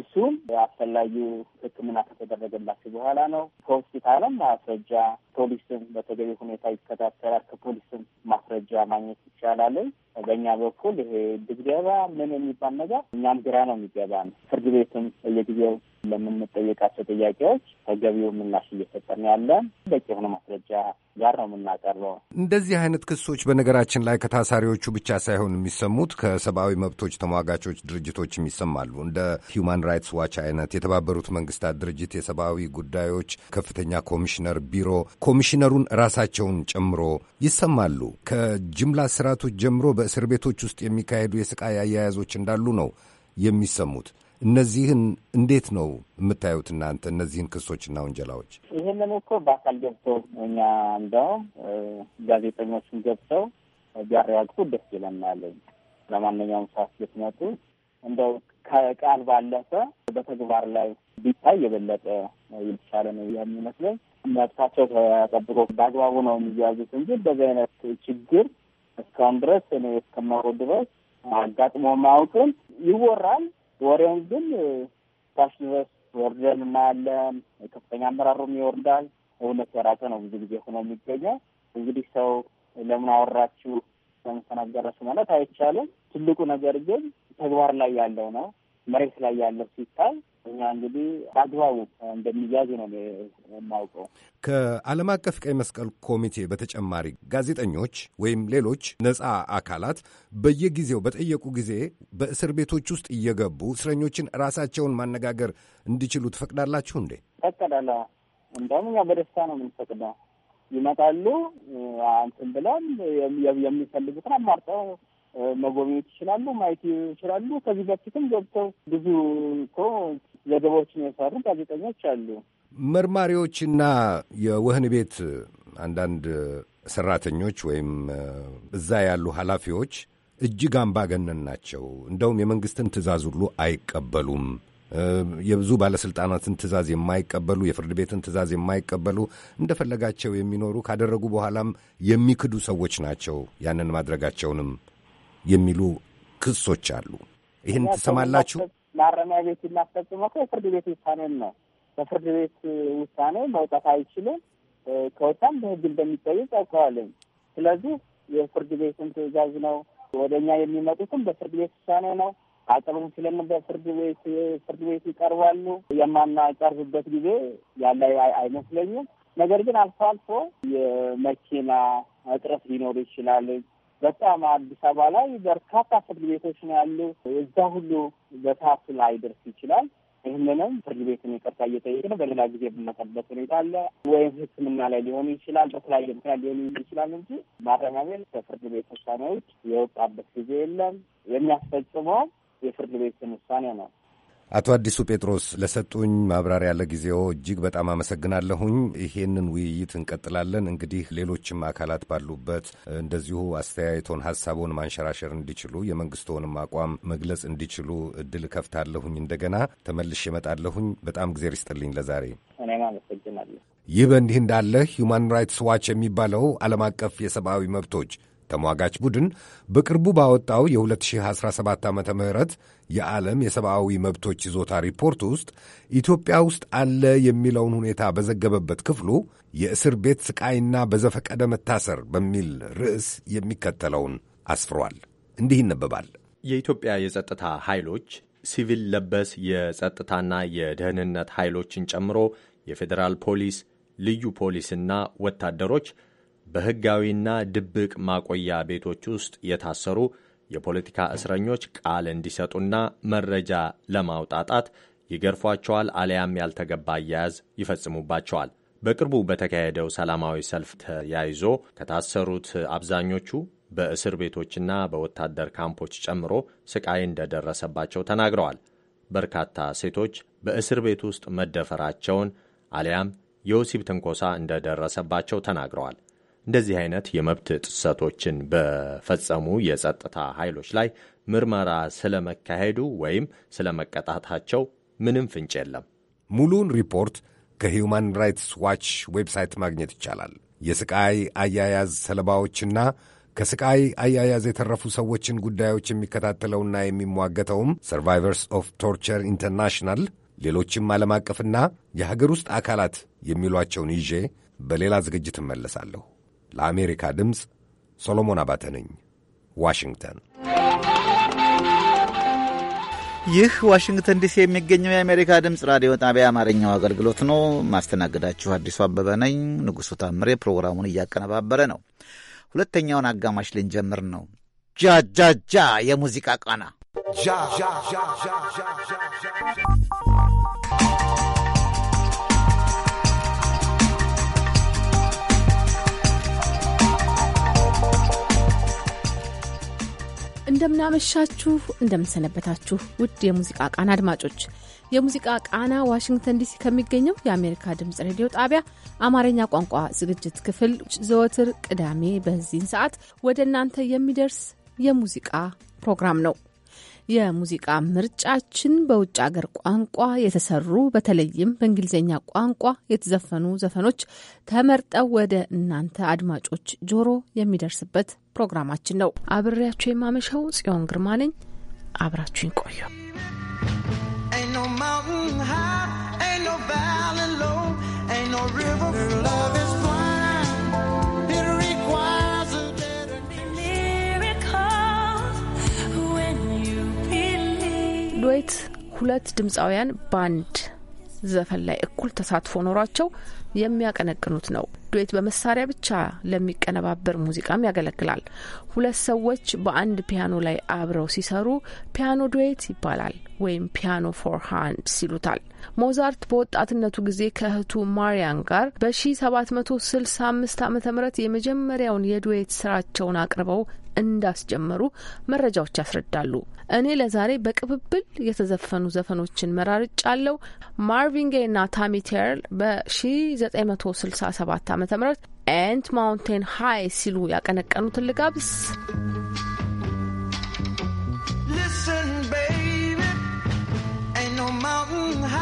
እሱም አስፈላጊው ሕክምና ከተደረገላቸው በኋላ ነው። ከሆስፒታልም ማስረጃ ፖሊስም በተገቢ ሁኔታ ይከታተላል። ከፖሊስም ማስረጃ ማግኘት ይቻላል። በእኛ በኩል ይሄ ድብደባ ምን የሚባል ነገር እኛም ግራ ነው የሚገባ ነው። ፍርድ ቤትም በየጊዜው ለምንጠየቃቸው ጥያቄዎች ተገቢው ምላሽ እየሰጠን ያለ በቂ የሆነ ማስረጃ ጋር ነው የምናቀርበው። እንደዚህ አይነት ክሶች በነገራችን ላይ ከታሳሪዎቹ ብቻ ሳይሆን የሚሰሙት ከሰብአዊ መብቶች ተሟጋቾች ድርጅቶችም ይሰማሉ። እንደ ሂውማን ራይትስ ዋች አይነት የተባበሩት መንግስታት ድርጅት የሰብአዊ ጉዳዮች ከፍተኛ ኮሚሽነር ቢሮ ኮሚሽነሩን ራሳቸውን ጨምሮ ይሰማሉ። ከጅምላ ስርዓቶች ጀምሮ በእስር ቤቶች ውስጥ የሚካሄዱ የስቃይ አያያዞች እንዳሉ ነው የሚሰሙት። እነዚህን እንዴት ነው የምታዩት እናንተ እነዚህን ክሶችና ወንጀላዎች? ይህንን እኮ በአካል ገብቶ እኛ እንደውም ጋዜጠኞችን ገብተው ቢያረጋግጡ ደስ ይለናል። ለማንኛውም ሰዓት ስትመጡ እንደው ከቃል ባለፈ በተግባር ላይ ቢታይ የበለጠ የተሻለ ነው የሚመስለኝ። መብታቸው ተጠብቆ በአግባቡ ነው የሚያዙት እንጂ በዚህ አይነት ችግር እስካሁን ድረስ እኔ እስከማውቀው ድረስ አጋጥሞ ማያውቅም። ይወራል ወሬውን ግን ታች ድረስ ወርደን እናያለን። ከፍተኛ አመራሩም ይወርዳል። እውነት የራቀ ነው ብዙ ጊዜ ሆኖ የሚገኘው። እንግዲህ ሰው ለምን አወራችሁ ለምን ተናገራችሁ ማለት አይቻልም። ትልቁ ነገር ግን ተግባር ላይ ያለው ነው። መሬት ላይ ያለው ሲታይ እኛ እንግዲህ በአግባቡ እንደሚያዙ ነው የማውቀው። ከዓለም አቀፍ ቀይ መስቀል ኮሚቴ በተጨማሪ ጋዜጠኞች ወይም ሌሎች ነጻ አካላት በየጊዜው በጠየቁ ጊዜ በእስር ቤቶች ውስጥ እየገቡ እስረኞችን ራሳቸውን ማነጋገር እንዲችሉ ትፈቅዳላችሁ እንዴ? ፈቀዳለ። እንደውም እኛ በደስታ ነው የምንፈቅደው። ይመጣሉ አንትን ብለን የሚፈልጉትን አማርጠው መጎብኘት ይችላሉ፣ ማየት ይችላሉ። ከዚህ በፊትም ገብተው ብዙ እኮ ዘገባዎችን የሰሩ ጋዜጠኞች አሉ። መርማሪዎችና የወህኒ ቤት አንዳንድ ሰራተኞች ወይም እዛ ያሉ ኃላፊዎች እጅግ አምባገነን ናቸው። እንደውም የመንግስትን ትዕዛዝ ሁሉ አይቀበሉም። የብዙ ባለስልጣናትን ትእዛዝ የማይቀበሉ የፍርድ ቤትን ትእዛዝ የማይቀበሉ እንደፈለጋቸው የሚኖሩ ካደረጉ በኋላም የሚክዱ ሰዎች ናቸው። ያንን ማድረጋቸውንም የሚሉ ክሶች አሉ። ይህን ትሰማላችሁ? ማረሚያ ቤት የማስፈጽመው የፍርድ ቤት ውሳኔን ነው። በፍርድ ቤት ውሳኔ መውጣት አይችልም። ከወጣም በህግ እንደሚጠይቅ ያውቀዋለኝ። ስለዚህ የፍርድ ቤትን ትዕዛዝ ነው። ወደ እኛ የሚመጡትም በፍርድ ቤት ውሳኔ ነው። አቅርቡ ስለም በፍርድ ቤት ፍርድ ቤት ይቀርባሉ። የማናቀርብበት ጊዜ ያለ አይመስለኝም። ነገር ግን አልፎ አልፎ የመኪና እጥረት ሊኖር ይችላል። በጣም አዲስ አበባ ላይ በርካታ ፍርድ ቤቶች ነው ያሉ። የዛ ሁሉ በታፍ ላይ ደርስ ይችላል። ይህንንም ፍርድ ቤትን ይቅርታ እየጠየቅን በሌላ ጊዜ ብንመጣበት ሁኔታ አለ። ወይም ሕክምና ላይ ሊሆን ይችላል፣ በተለያየ ምክንያት ሊሆን ይችላል እንጂ ማረሚያ ቤት ከፍርድ ቤት ውሳኔዎች የወጣበት ጊዜ የለም። የሚያስፈጽመው የፍርድ ቤትን ውሳኔ ነው። አቶ አዲሱ ጴጥሮስ ለሰጡኝ ማብራሪያ ለጊዜው እጅግ በጣም አመሰግናለሁኝ። ይሄንን ውይይት እንቀጥላለን። እንግዲህ ሌሎችም አካላት ባሉበት እንደዚሁ አስተያየቶን፣ ሀሳቦን ማንሸራሸር እንዲችሉ የመንግስትንም አቋም መግለጽ እንዲችሉ እድል እከፍታለሁኝ። እንደገና ተመልሼ እመጣለሁኝ። በጣም እግዜር ይስጥልኝ ለዛሬ። እኔም አመሰግናለሁ። ይህ በእንዲህ እንዳለ ሁማን ራይትስ ዋች የሚባለው ዓለም አቀፍ የሰብአዊ መብቶች ተሟጋች ቡድን በቅርቡ ባወጣው የ2017 ዓ ም የዓለም የሰብአዊ መብቶች ይዞታ ሪፖርት ውስጥ ኢትዮጵያ ውስጥ አለ የሚለውን ሁኔታ በዘገበበት ክፍሉ የእስር ቤት ሥቃይና በዘፈቀደ መታሰር በሚል ርዕስ የሚከተለውን አስፍሯል። እንዲህ ይነበባል። የኢትዮጵያ የጸጥታ ኃይሎች ሲቪል ለበስ የጸጥታና የደህንነት ኃይሎችን ጨምሮ የፌዴራል ፖሊስ፣ ልዩ ፖሊስና ወታደሮች በሕጋዊና ድብቅ ማቆያ ቤቶች ውስጥ የታሰሩ የፖለቲካ እስረኞች ቃል እንዲሰጡና መረጃ ለማውጣጣት ይገርፏቸዋል፣ አሊያም ያልተገባ አያያዝ ይፈጽሙባቸዋል። በቅርቡ በተካሄደው ሰላማዊ ሰልፍ ተያይዞ ከታሰሩት አብዛኞቹ በእስር ቤቶችና በወታደር ካምፖች ጨምሮ ስቃይ እንደደረሰባቸው ተናግረዋል። በርካታ ሴቶች በእስር ቤት ውስጥ መደፈራቸውን አሊያም የወሲብ ትንኮሳ እንደደረሰባቸው ተናግረዋል። እንደዚህ አይነት የመብት ጥሰቶችን በፈጸሙ የጸጥታ ኃይሎች ላይ ምርመራ ስለመካሄዱ ወይም ስለመቀጣታቸው ምንም ፍንጭ የለም። ሙሉውን ሪፖርት ከሂውማን ራይትስ ዋች ዌብሳይት ማግኘት ይቻላል። የስቃይ አያያዝ ሰለባዎችና ከስቃይ አያያዝ የተረፉ ሰዎችን ጉዳዮች የሚከታተለውና የሚሟገተውም ሰርቫይቨርስ ኦፍ ቶርቸር ኢንተርናሽናል ሌሎችም ዓለም አቀፍና የሀገር ውስጥ አካላት የሚሏቸውን ይዤ በሌላ ዝግጅት እመለሳለሁ። ለአሜሪካ ድምፅ ሶሎሞን አባተ ነኝ፣ ዋሽንግተን። ይህ ዋሽንግተን ዲሲ የሚገኘው የአሜሪካ ድምፅ ራዲዮ ጣቢያ አማርኛው አገልግሎት ነው። ማስተናገዳችሁ አዲሱ አበበ ነኝ። ንጉሡ ታምሬ ፕሮግራሙን እያቀነባበረ ነው። ሁለተኛውን አጋማሽ ልንጀምር ነው። ጃጃጃ የሙዚቃ ቃና እንደምናመሻችሁ፣ እንደምንሰነበታችሁ ውድ የሙዚቃ ቃና አድማጮች የሙዚቃ ቃና ዋሽንግተን ዲሲ ከሚገኘው የአሜሪካ ድምፅ ሬዲዮ ጣቢያ አማርኛ ቋንቋ ዝግጅት ክፍል ዘወትር ቅዳሜ በዚህን ሰዓት ወደ እናንተ የሚደርስ የሙዚቃ ፕሮግራም ነው። የሙዚቃ ምርጫችን በውጭ ሀገር ቋንቋ የተሰሩ በተለይም በእንግሊዝኛ ቋንቋ የተዘፈኑ ዘፈኖች ተመርጠው ወደ እናንተ አድማጮች ጆሮ የሚደርስበት ፕሮግራማችን ነው። አብሬያችሁ የማመሻው ጽዮን ግርማ ነኝ። አብራችሁኝ ቆዩ። Ain't no ቤት ሁለት ድምፃውያን ባንድ ዘፈን ላይ እኩል ተሳትፎ ኖሯቸው የሚያቀነቅኑት ነው። ዱዌት በመሳሪያ ብቻ ለሚቀነባበር ሙዚቃም ያገለግላል። ሁለት ሰዎች በአንድ ፒያኖ ላይ አብረው ሲሰሩ ፒያኖ ዱዌት ይባላል ወይም ፒያኖ ፎር ሃንድ ሲሉታል። ሞዛርት በወጣትነቱ ጊዜ ከእህቱ ማሪያን ጋር በ 765 ዓ ም የመጀመሪያውን የዱዌት ስራቸውን አቅርበው እንዳስጀመሩ መረጃዎች ያስረዳሉ። እኔ ለዛሬ በቅብብል የተዘፈኑ ዘፈኖችን መራርጫ አለው። ማርቪን ጌይ እና ታሚ ቴርል በ1967 ዓ ም ኤንት ማውንቴን ሃይ ሲሉ ያቀነቀኑትን ልጋብስ። Listen, baby, ain't no mountain high.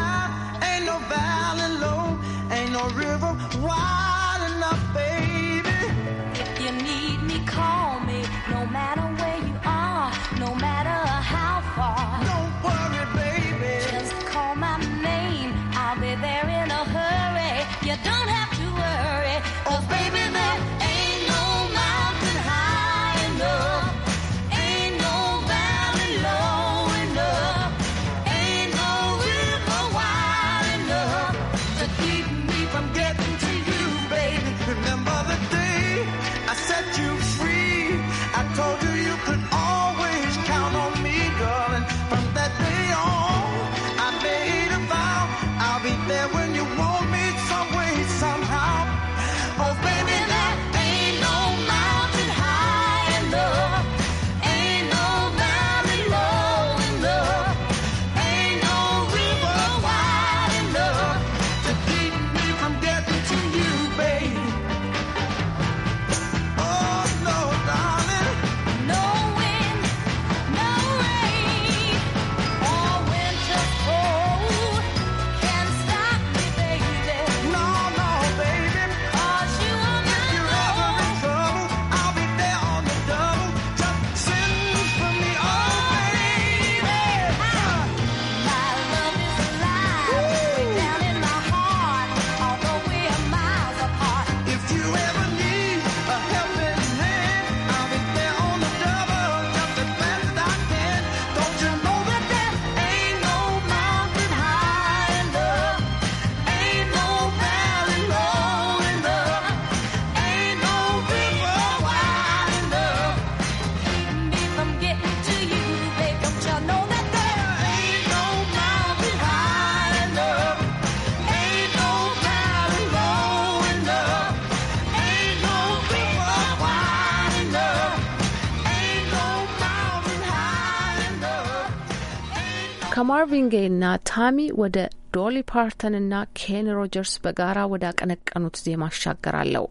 ከማርቪን ጌይና ታሚ ወደ ዶሊ ፓርተንና ኬን ሮጀርስ በጋራ ወዳቀነቀኑት ዜማ አሻገራለሁ።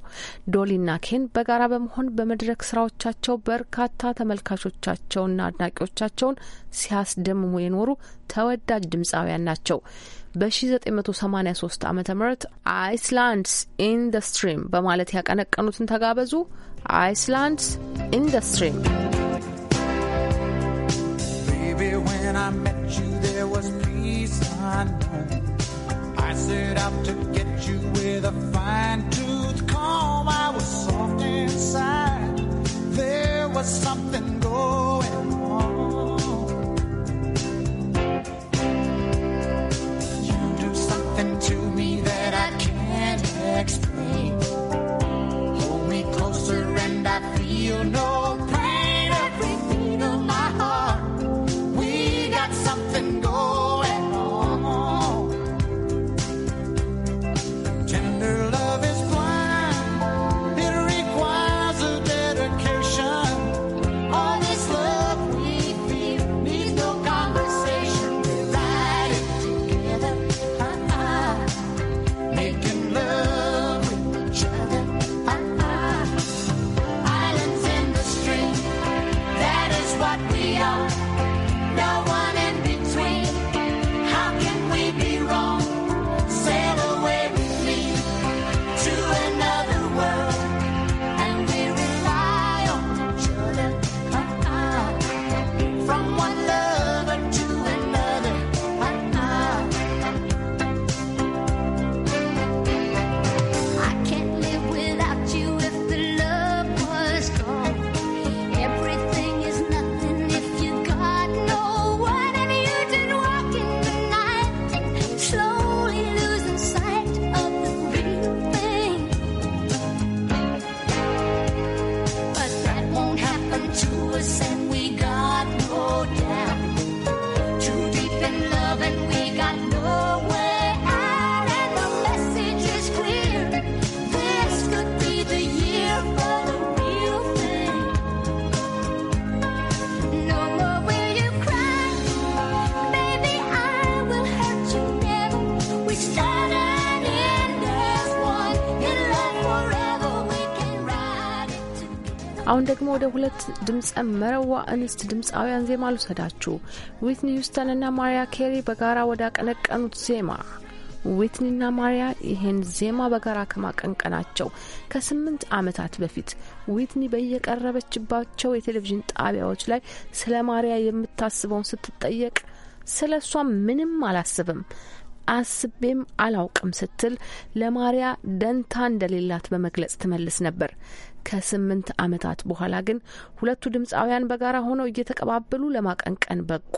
ዶሊና ኬን በጋራ በመሆን በመድረክ ስራዎቻቸው በርካታ ተመልካቾቻቸውና አድናቂዎቻቸውን ሲያስደምሙ የኖሩ ተወዳጅ ድምፃውያን ናቸው። በ1983 ዓ ም አይስላንድስ ኢንደስትሪም በማለት ያቀነቀኑትን ተጋበዙ። አይስላንድስ ኢንደስትሪም when I met you, there was peace unknown. I set out to get you with a fine tooth comb. I was soft inside. There was something going አሁን ደግሞ ወደ ሁለት ድምፀ መረዋ እንስት ድምፃውያን ዜማ ልውሰዳችሁ። ዊትኒ ሂውስተን እና ማሪያ ኬሪ በጋራ ወዳቀነቀኑት ዜማ ዊትኒና ማሪያ ይህን ዜማ በጋራ ከማቀንቀናቸው ከስምንት ዓመታት በፊት ዊትኒ በየቀረበችባቸው የቴሌቪዥን ጣቢያዎች ላይ ስለ ማሪያ የምታስበውን ስትጠየቅ ስለ እሷ ምንም አላስብም አስቤም አላውቅም ስትል ለማሪያ ደንታ እንደሌላት በመግለጽ ትመልስ ነበር። ከስምንት ዓመታት በኋላ ግን ሁለቱ ድምፃውያን በጋራ ሆነው እየተቀባበሉ ለማቀንቀን በቁ።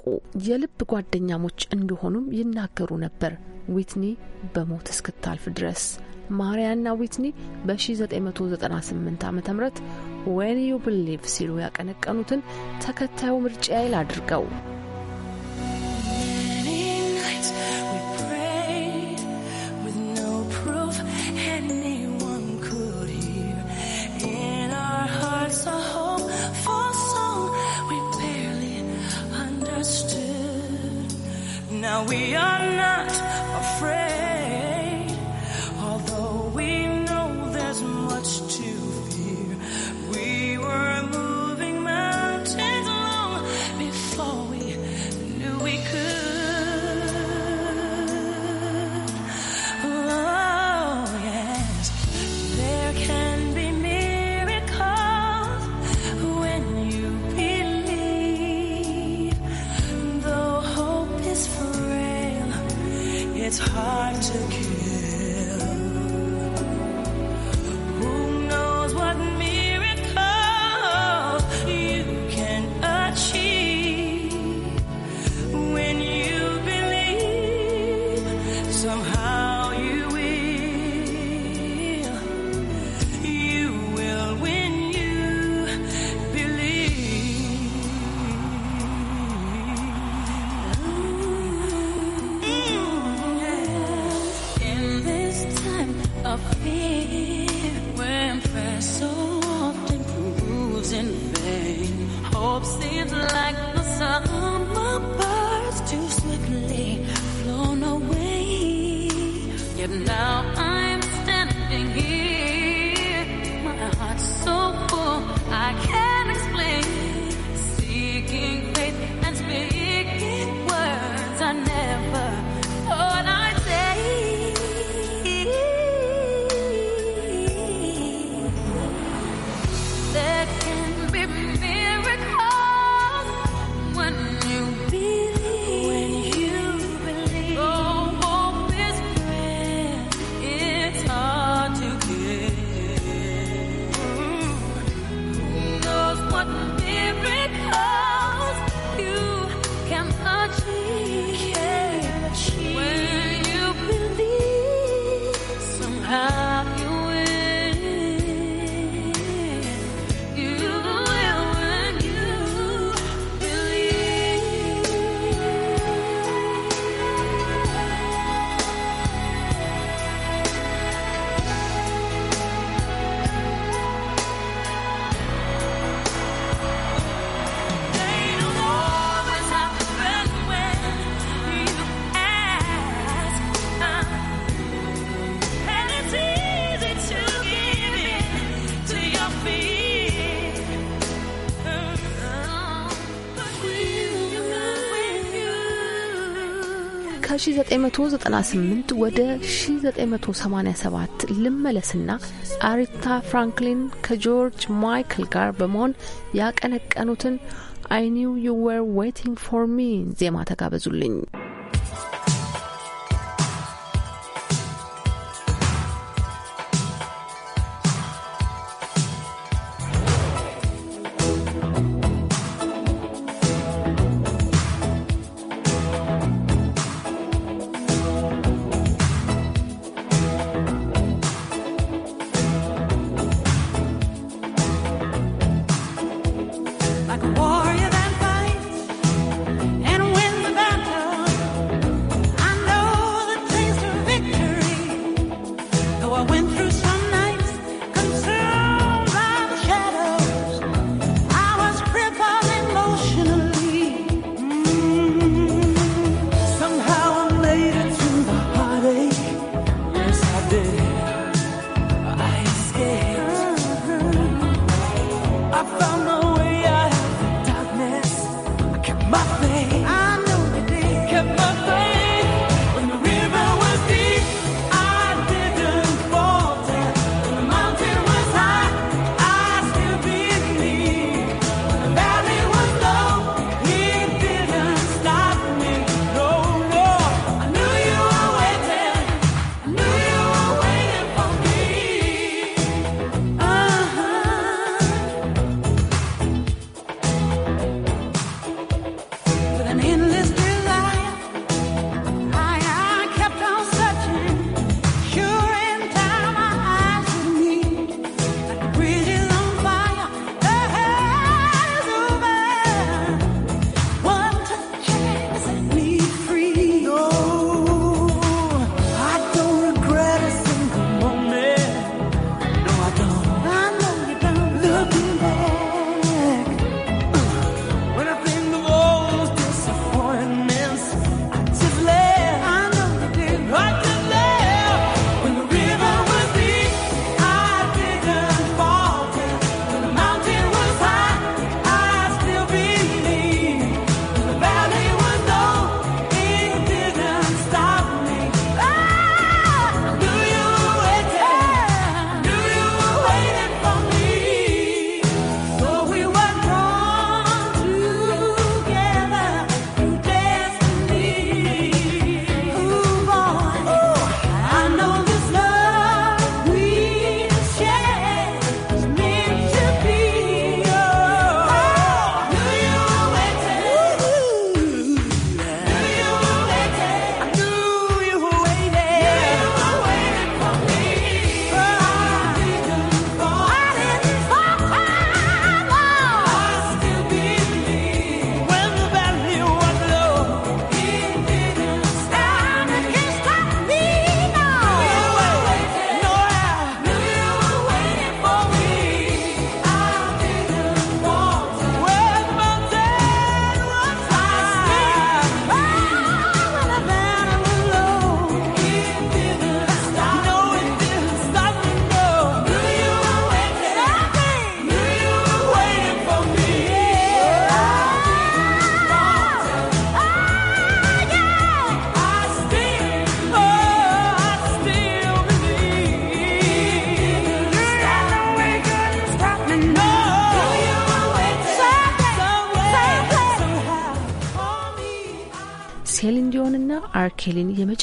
የልብ ጓደኛሞች እንደሆኑም ይናገሩ ነበር። ዊትኒ በሞት እስክታልፍ ድረስ ማሪያና ዊትኒ በ1998 ዓ ም ዌን ዩ ብሊቭ ሲሉ ያቀነቀኑትን ተከታዩ ምርጫ ይል አድርገው Now we are not afraid. it's hard to kill. 1998 ወደ 1987 ልመለስና አሪታ ፍራንክሊን ከጆርጅ ማይክል ጋር በመሆን ያቀነቀኑትን አይ ኒው ዩ ዌር ዌቲንግ ፎር ሚ ዜማ ተጋበዙልኝ።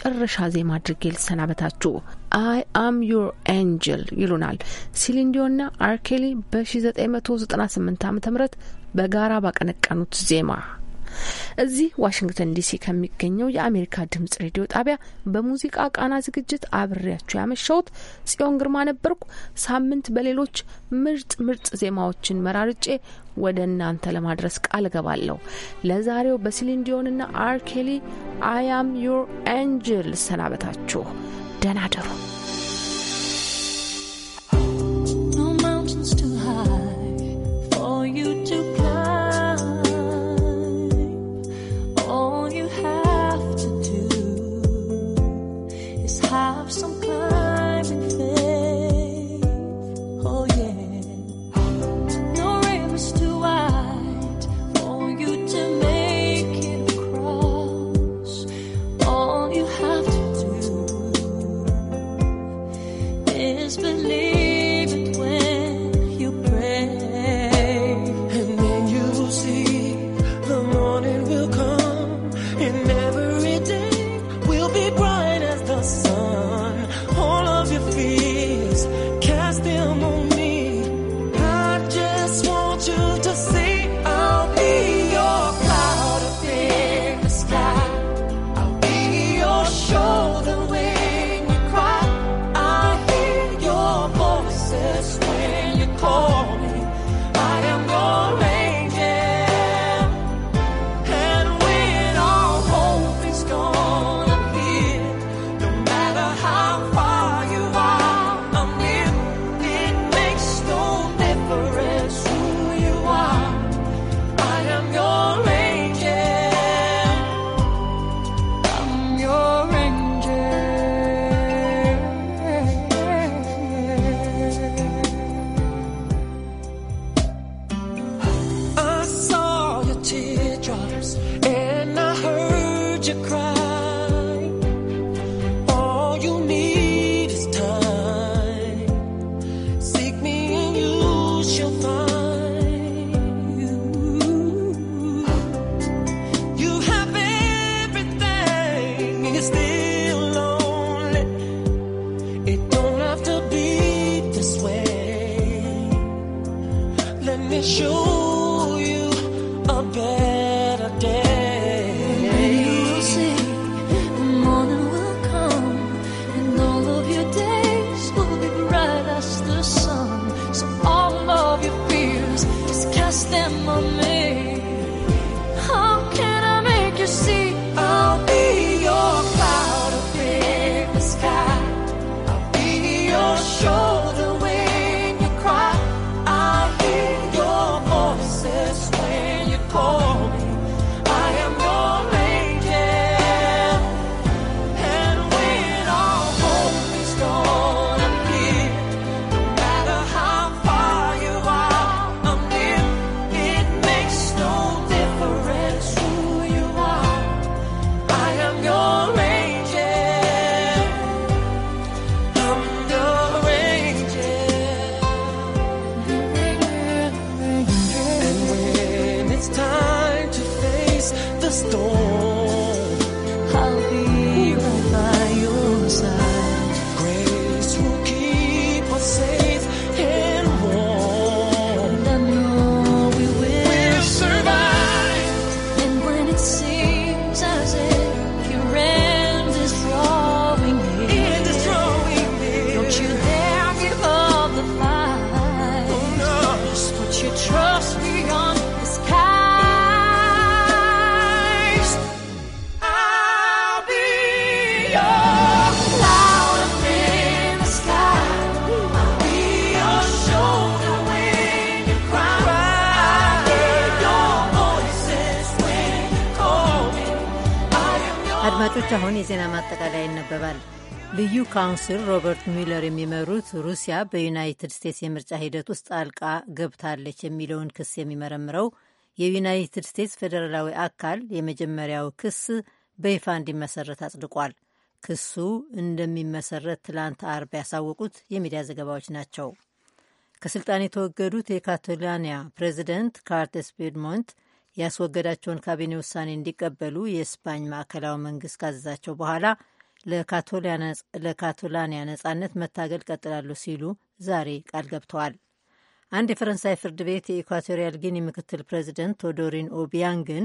የመጨረሻ ዜማ አድርጌ ልሰናበታችሁ። አይ አም ዩር ኤንጅል ይሉናል ሲሊንዲዮና አርኬሊ በ1998 ዓ ም በጋራ ባቀነቀኑት ዜማ እዚህ ዋሽንግተን ዲሲ ከሚገኘው የአሜሪካ ድምጽ ሬዲዮ ጣቢያ በሙዚቃ ቃና ዝግጅት አብሬያችሁ ያመሻውት ጽዮን ግርማ ነበርኩ። ሳምንት በሌሎች ምርጥ ምርጥ ዜማዎችን መራርጬ ወደ እናንተ ለማድረስ ቃል እገባለሁ። ለዛሬው በሲሊንዲዮንና አርኬሊ አያም ዩር አንጅል ሰናበታችሁ። ደህና ደሩ። you to የዜና ማጠቃለያ ይነበባል። ልዩ ካውንስል ሮበርት ሚለር የሚመሩት ሩሲያ በዩናይትድ ስቴትስ የምርጫ ሂደት ውስጥ ጣልቃ ገብታለች የሚለውን ክስ የሚመረምረው የዩናይትድ ስቴትስ ፌዴራላዊ አካል የመጀመሪያው ክስ በይፋ እንዲመሰረት አጽድቋል። ክሱ እንደሚመሰረት ትላንት አርብ ያሳወቁት የሚዲያ ዘገባዎች ናቸው። ከስልጣን የተወገዱት የካቶላኒያ ፕሬዚደንት ካርለስ ፒድሞንት ያስወገዳቸውን ካቢኔ ውሳኔ እንዲቀበሉ የስፓኝ ማዕከላዊ መንግስት ካዘዛቸው በኋላ ለካቶላንያ ነጻነት መታገል ቀጥላሉ ሲሉ ዛሬ ቃል ገብተዋል። አንድ የፈረንሳይ ፍርድ ቤት የኢኳቶሪያል ጊኒ ምክትል ፕሬዚደንት ቶዶሪን ኦቢያንግን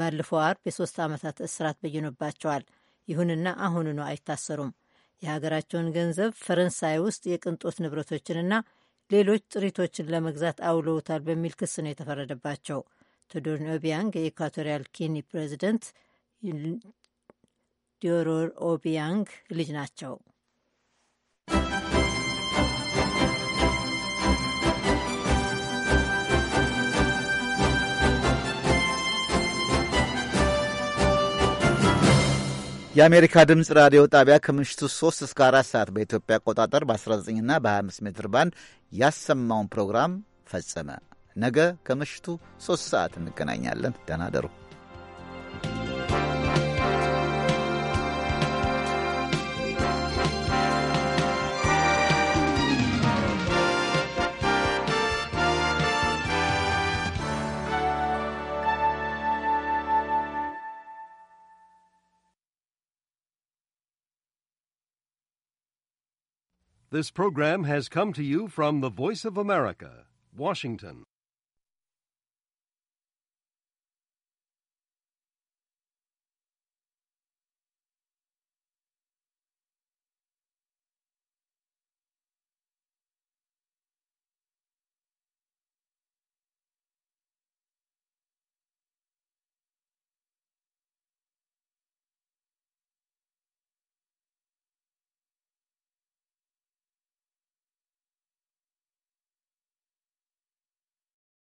ባለፈው አርብ የሶስት ዓመታት እስራት በይኖባቸዋል። ይሁንና አሁኑኑ አይታሰሩም። የሀገራቸውን ገንዘብ ፈረንሳይ ውስጥ የቅንጦት ንብረቶችንና ሌሎች ጥሪቶችን ለመግዛት አውለውታል በሚል ክስ ነው የተፈረደባቸው። ቶዶርን ኦቢያንግ የኢኳቶሪያል ኪኒ ፕሬዚደንት ዲዮሮር ኦቢያንግ ልጅ ናቸው። የአሜሪካ ድምፅ ራዲዮ ጣቢያ ከምሽቱ 3 እስከ 4 ሰዓት በኢትዮጵያ አቆጣጠር በ19ና በ25 ሜትር ባንድ ያሰማውን ፕሮግራም ፈጸመ። ነገ ከምሽቱ ሦስት ሰዓት እንገናኛለን። ደህና ደሩ። This program has come to you from the Voice of America, Washington.